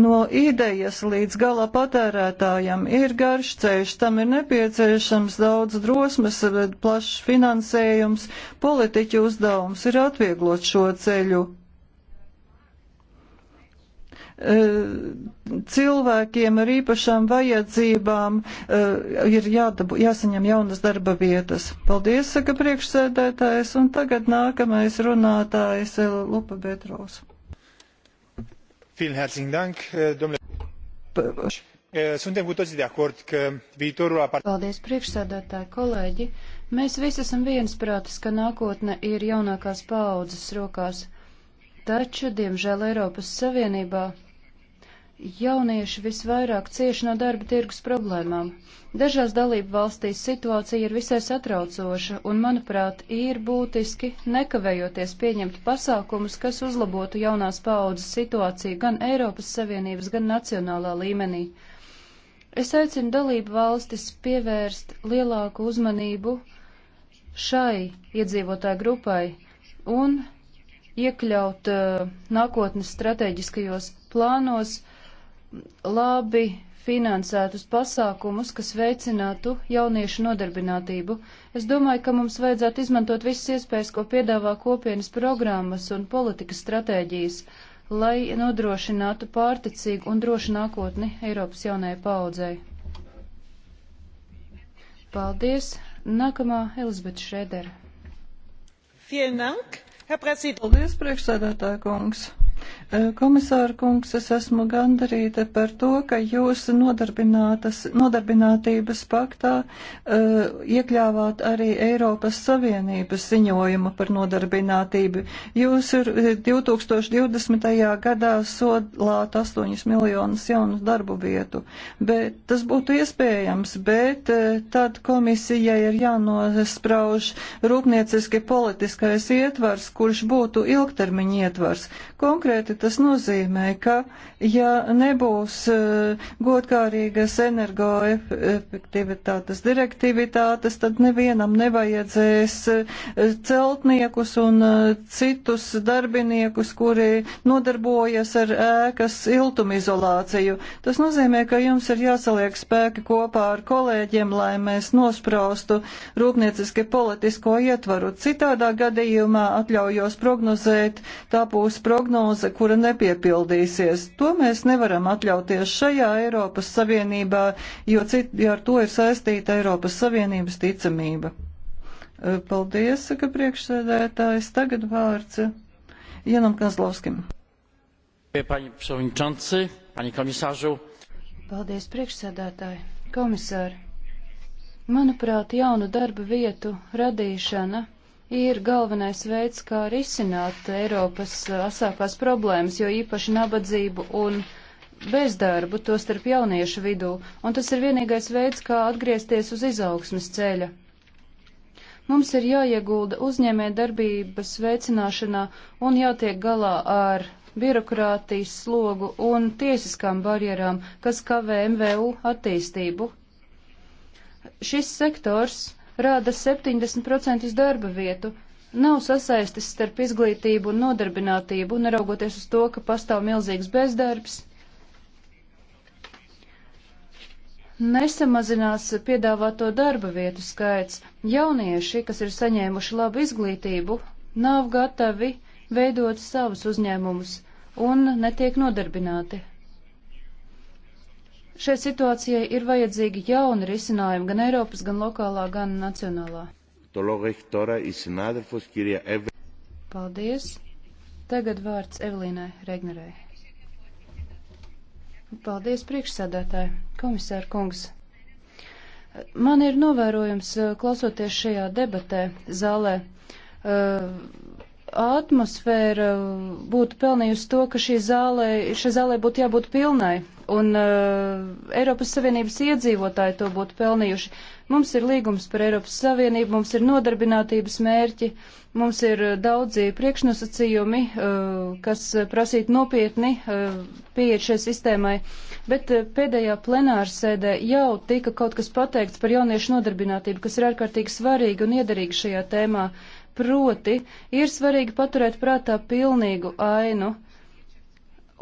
No idejas līdz gala patērētājam ir garš ceļš, tam ir nepieciešams daudz drosmes, plašs finansējums, politiķu uzdevums ir atvieglot šo ceļu Eh, cilvēkiem ar īpašām vajadzībām eh, ir jādabu, jāsaņem jaunas darba vietas. Paldies, saka priekšsēdētājs, un tagad nākamais runātājs eh, Lupa Betrovs. Suntem cu toții de acord că viitorul aparține. Paldies, priekšsēdētāji, kolēģi. Mēs visi esam viensprātis, ka nākotne ir jaunākās paaudzes rokās. Taču, diemžēl, Eiropas Savienībā Jaunieši visvairāk cieši no darba tirgus problēmām. Dažās dalību valstīs situācija ir visai satraucoša, un, manuprāt, ir būtiski nekavējoties pieņemt pasākumus, kas uzlabotu jaunās paaudzes situāciju gan Eiropas Savienības, gan nacionālā līmenī. Es aicinu dalību valstis pievērst lielāku uzmanību šai iedzīvotāju grupai un iekļaut uh, nākotnes strateģiskajos plānos labi finansētus pasākumus, kas veicinātu jauniešu nodarbinātību. Es domāju, ka mums vajadzētu izmantot visas iespējas, ko piedāvā kopienas programmas un politikas stratēģijas, lai nodrošinātu pārticīgu un drošu nākotni Eiropas jaunajai paudzei. Paldies! Nākamā Elizabete Šredera. Vielen Dank, Herr Präsident. Paldies, priekšsēdētāja kungs. Eh, komisāra kungs, es esmu gandarīta par to, ka jūs nodarbinātības paktā uh, iekļāvāt arī Eiropas Savienības ziņojumu par nodarbinātību. Jūs ir 2020. Eh, gadā sodlāt 8 miljonus jaunu darbu vietu, bet tas būtu iespējams, bet uh, tad komisijai ir jānosprauž rūpnieciski politiskais ietvars, kurš būtu ilgtermiņa ietvars. Konkrēti tas nozīmē, ka ja nebūs e, godkārīgas energoefektivitātes direktivitātes, tad nevienam nevajadzēs e, celtniekus un e, citus darbiniekus, kuri nodarbojas ar ēkas siltumizolāciju. Tas nozīmē, ka jums ir jāsaliek spēki kopā ar kolēģiem, lai mēs nospraustu rūpnieciski politisko ietvaru. Citādā gadījumā atļaujos prognozēt, tā būs prognoze, kur kura nepiepildīsies. To mēs nevaram atļauties šajā Eiropas Savienībā, jo, cit, jo ar to ir saistīta Eiropas Savienības ticamība. Paldies, saka priekšsēdētājs. Tagad vārds Janam Kazlovskim. Paldies, priekšsēdētāji. Komisāri, manuprāt, jaunu darba vietu radīšana ir galvenais veids, kā risināt Eiropas eh, asākās problēmas, jo īpaši nabadzību un bezdarbu, to starp jauniešu vidū, un tas ir vienīgais veids, kā atgriezties uz izaugsmas ceļa. Mums ir jāiegulda uzņēmē darbības veicināšanā un jātiek galā ar birokrātijas slogu un tiesiskām barjerām, kas kavē MVU attīstību. Šis sektors rada 70% darba vietu. Nav sasaistis starp izglītību un nodarbinātību, neraugoties uz to, ka pastāv milzīgs bezdarbs. Nesamazinās piedāvāto darba vietu skaits. Jaunieši, kas ir saņēmuši labu izglītību, nav gatavi veidot savus uzņēmumus un netiek nodarbināti. Šai situācijai ir vajadzīgi jauni risinājumi gan Eiropas, gan lokālā, gan nacionālā. Paldies. Tagad vārds Evelīnai Regnerei. Paldies, priekšsēdētāji, komisāra kungs. Man ir novērojums, eh, klausoties šajā debatē zālē, eh, atmosfēra būtu pelnījusi to, ka šī zālē, šai zālē būtu jābūt pilnai, un uh, Eiropas Savienības iedzīvotāji to būtu pelnījuši. Mums ir līgums par Eiropas Savienību, mums ir nodarbinātības mērķi, mums ir uh, daudzi priekšnosacījumi, uh, kas prasītu nopietni uh, pieiet šai sistēmai, bet uh, pēdējā plenāra sēdē jau tika kaut kas pateikts par jauniešu nodarbinātību, kas ir ārkārtīgi svarīgi un iederīgi šajā tēmā. Uh, Proti, ir svarīgi paturēt prātā pilnīgu ainu.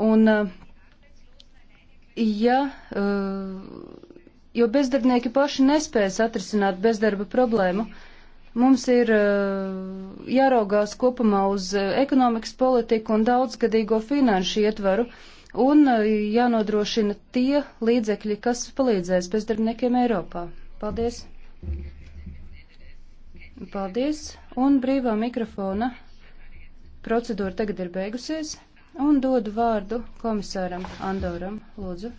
Un, eh, ja, eh, jo bezdarbnieki paši nespēs atrisināt bezdarba problēmu, mums ir eh, jāraugās kopumā uz ekonomikas politiku un daudzgadīgo finanšu ietvaru un jānodrošina tie līdzekļi, kas palīdzēs bezdarbniekiem Eiropā. Paldies! Paldies! Un brīvā mikrofona procedūra tagad ir beigusies. Un dodu vārdu komisāram Andoram. Lūdzu.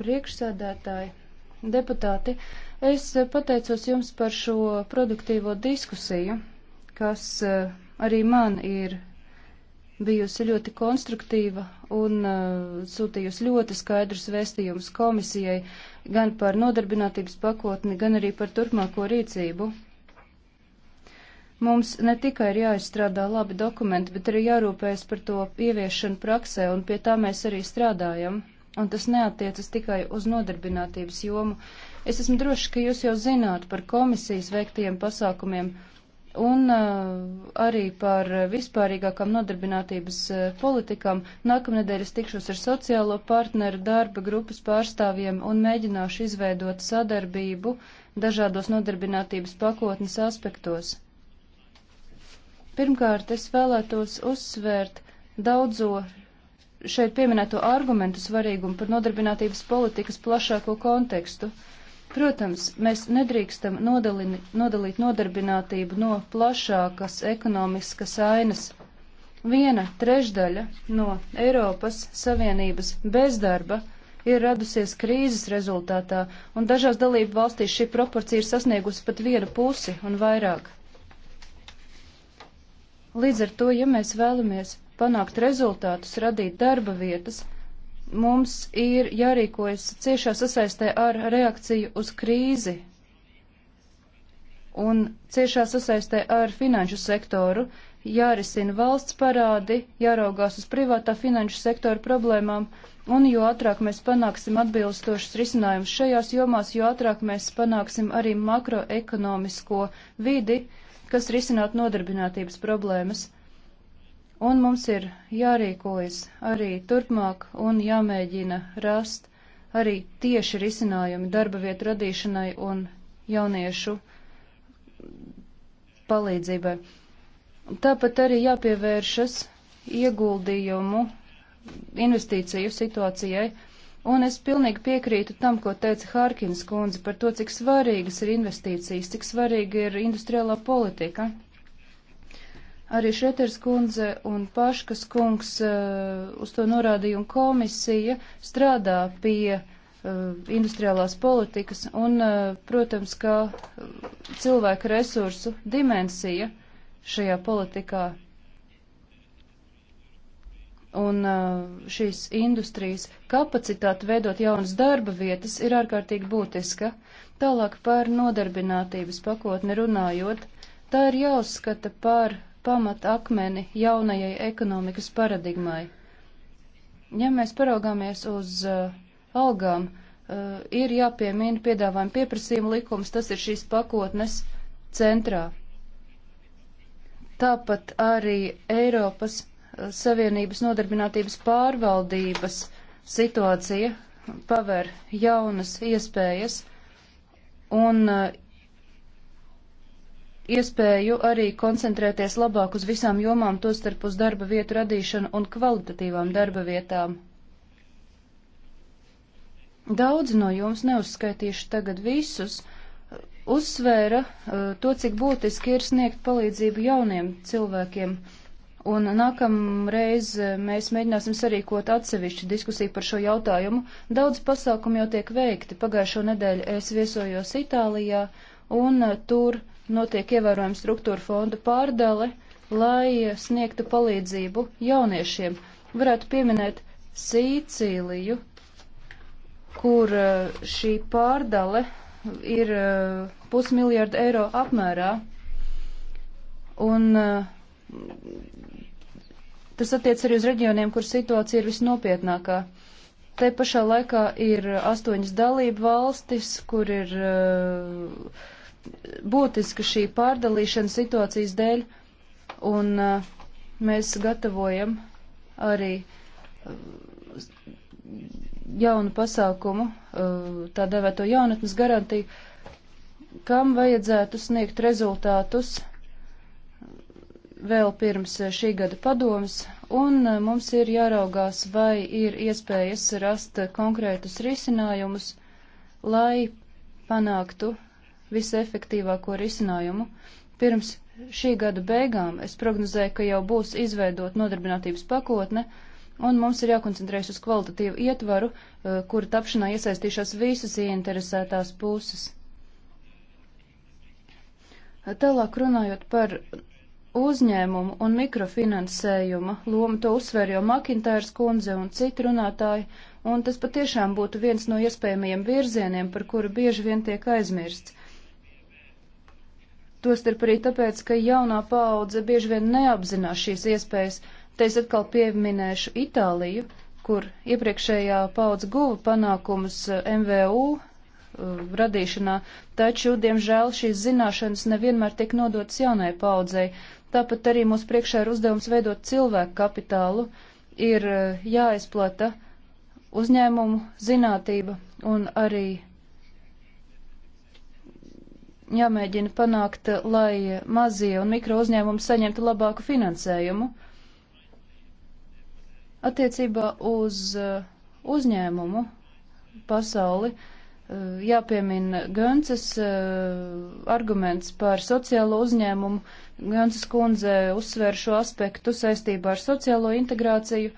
Priekšsēdētāji, deputāti, es pateicos jums par šo produktīvo diskusiju, kas eh, arī man ir bijusi ļoti konstruktīva un uh, sūtījusi ļoti skaidrus vēstījumus komisijai gan par nodarbinātības pakotni, gan arī par turpmāko rīcību. Mums ne tikai ir jāizstrādā labi dokumenti, bet arī jārūpējas par to ieviešanu praksē, un pie tā mēs arī strādājam. Un tas neatiecas tikai uz nodarbinātības jomu. Es esmu droši, ka jūs jau zināt par komisijas veiktajiem pasākumiem, uh, un uh, arī par vispārīgākām nodarbinātības uh, politikām. Nākamnedēļ es tikšos ar sociālo partneru darba grupas pārstāvjiem un mēģināšu izveidot sadarbību dažādos nodarbinātības pakotnes aspektos. Pirmkārt, es vēlētos uzsvērt daudzo šeit pieminēto argumentu svarīgumu par nodarbinātības politikas plašāko kontekstu. Uh, Protams, mēs nedrīkstam nodalini, nodalīt nodarbinātību no plašākas ekonomiskas ainas. Viena trešdaļa no Eiropas Savienības bezdarba ir radusies krīzes rezultātā, un dažās dalību valstīs šī proporcija ir sasniegusi pat vienu pusi un vairāk. Līdz ar to, ja mēs vēlamies panākt rezultātus, radīt darba vietas, mums ir jārīkojas ciešā sasaistē ar reakciju uz krīzi un ciešā sasaistē ar finanšu sektoru, jārisina valsts parādi, jāraugās uz privātā finanšu sektora problēmām, un jo ātrāk mēs panāksim atbilstošas risinājumus šajās jomās, jo ātrāk mēs panāksim arī makroekonomisko vidi, kas risināt nodarbinātības problēmas un mums ir jārīkojas arī turpmāk un jāmēģina rast arī tieši risinājumi darba vietu radīšanai un jauniešu palīdzībai. Tāpat arī jāpievēršas ieguldījumu investīciju situācijai, un es pilnīgi piekrītu tam, ko teica Hārkins kundze par to, cik svarīgas ir investīcijas, cik svarīga ir industriālā politika. Arī Šreters kundze un Paškas kungs eh, uz to norādīja un komisija strādā pie eh, industriālās politikas un, eh, protams, ka cilvēka resursu dimensija šajā politikā un šīs industrijas kapacitāte veidot jaunas darba vietas ir ārkārtīgi būtiska. Tālāk par nodarbinātības pakotni runājot, tā ir jāuzskata par pamatakmeni jaunajai ekonomikas paradigmai. Ja mēs paraugāmies uz uh, algām, uh, ir jāpiemina piedāvājuma pieprasījuma likums, tas ir šīs pakotnes centrā. Tāpat arī Eiropas uh, Savienības nodarbinātības pārvaldības situācija paver jaunas iespējas un uh, iespēju arī koncentrēties labāk uz visām jomām, tostarp uz darba vietu radīšanu un kvalitatīvām darba vietām. Daudzi no jums, neuzskaitīšu tagad visus, uzsvēra uh, to, cik būtiski ir sniegt palīdzību jauniem cilvēkiem. Un nākamreiz uh, mēs mēģināsim sarīkot atsevišķu diskusiju par šo jautājumu. Daudz pasākumu jau tiek veikti. Pagājušo nedēļu es viesojos Itālijā, un uh, tur notiek ievērojama struktūra fondu pārdale, lai sniegtu palīdzību jauniešiem. Varētu pieminēt Sīcīliju, kur eh, šī pārdale ir eh, pusmiljārda eiro apmērā. Un eh, tas attiec arī uz reģioniem, kur situācija ir visnopietnākā. Te pašā laikā ir astoņas dalību valstis, kur ir uh, būtiska šī pārdalīšana situācijas dēļ, un uh, mēs gatavojam arī uh, jaunu pasākumu, uh, tā devēto jaunatnes garantiju, kam vajadzētu sniegt rezultātus vēl pirms šī gada padomas, un uh, mums ir jāraugās, vai ir iespējas rast konkrētus risinājumus, lai panāktu visefektīvāko risinājumu. Pirms šī gada beigām es prognozēju, ka jau būs izveidot nodarbinātības pakotne, un mums ir jākoncentrējas uz kvalitatīvu ietvaru, eh, kura tapšanā iesaistīšās visas ieinteresētās puses. Tālāk runājot par uzņēmumu un mikrofinansējuma lomu, to uzsver jau Makintārs kundze un citi runātāji, un tas patiešām būtu viens no iespējamajiem virzieniem, par kuru bieži vien tiek aizmirsts. Tostarp arī tāpēc, ka jaunā paudze bieži vien neapzinās šīs iespējas. Te es atkal pieminēšu Itāliju, kur iepriekšējā paudze guva panākumus eh, MVU eh, radīšanā, taču, diemžēl, šīs zināšanas nevienmēr tiek nodotas jaunai paudzei. Tāpat arī mūsu priekšā ir uzdevums veidot cilvēku kapitālu, ir eh, jāizplata uzņēmumu zinātība un arī jāmēģina panākt, lai mazie un mikro uzņēmumi saņemtu labāku finansējumu. Attiecībā uz uh, uzņēmumu pasauli uh, jāpiemina Gances uh, arguments par sociālo uzņēmumu. Gances kundze uzsver šo aspektu saistībā ar sociālo integrāciju,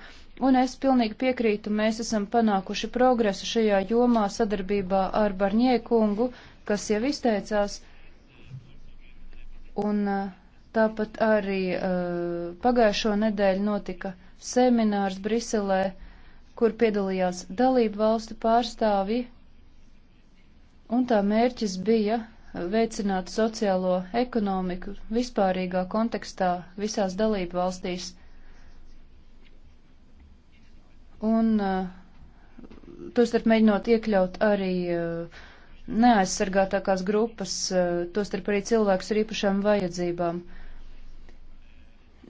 un es pilnīgi piekrītu, mēs esam panākuši progresu šajā jomā sadarbībā ar Barņiekungu kungu kas jau izteicās, un eh, tāpat arī eh, pagājušo nedēļu notika seminārs Briselē, kur piedalījās dalību valstu pārstāvji, un tā mērķis bija veicināt sociālo ekonomiku vispārīgā kontekstā visās dalību valstīs. Un uh, tostarp mēģinot iekļaut arī uh, neaizsargātākās grupas, eh, tostarp arī cilvēkus ar īpašām vajadzībām.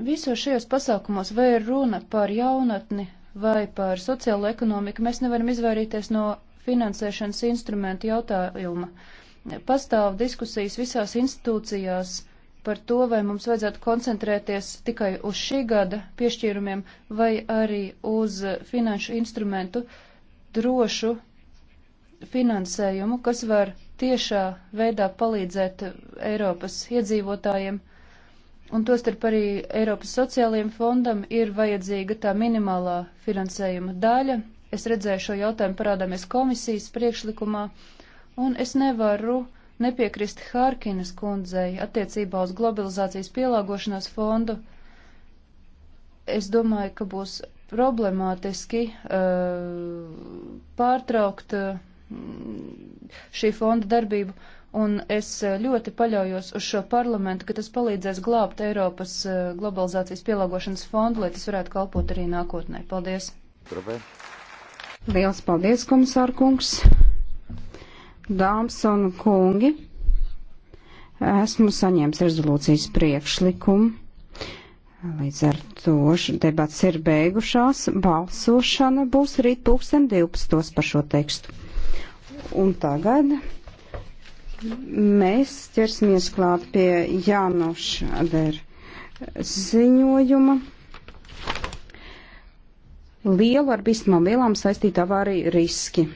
Visos šajos pasākumos, vai ir runa par jaunatni vai par sociālo ekonomiku, mēs nevaram izvairīties no finansēšanas instrumentu jautājuma. Pastāv diskusijas visās institūcijās par to, vai mums vajadzētu koncentrēties tikai uz šī gada piešķīrumiem vai arī uz finanšu instrumentu drošu finansējumu, kas var tiešā veidā palīdzēt Eiropas iedzīvotājiem, un tostarp arī Eiropas sociālajiem fondam ir vajadzīga tā minimālā finansējuma daļa. Es redzēju šo jautājumu parādāmies komisijas priekšlikumā, un es nevaru nepiekrist Hārkinas kundzei attiecībā uz globalizācijas pielāgošanās fondu. Es domāju, ka būs problemātiski uh, pārtraukt uh, šī fonda darbību, un es eh, ļoti paļaujos uz šo parlamentu, ka tas palīdzēs glābt Eiropas eh, globalizācijas pielāgošanas fondu, lai tas varētu kalpot arī nākotnē. Paldies! Grabē. Liels paldies, komisārkungs! Dāmas un kungi! Esmu saņēmis rezolūcijas priekšlikumu. Līdz ar to debats ir beigušās. Balsošana būs rīt pulksten 12. par šo tekstu. Un tagad mēs ķersimies klāt pie Jānoša Ader ziņojuma. Lielu ar bīstamām vielām saistīta avārija riski.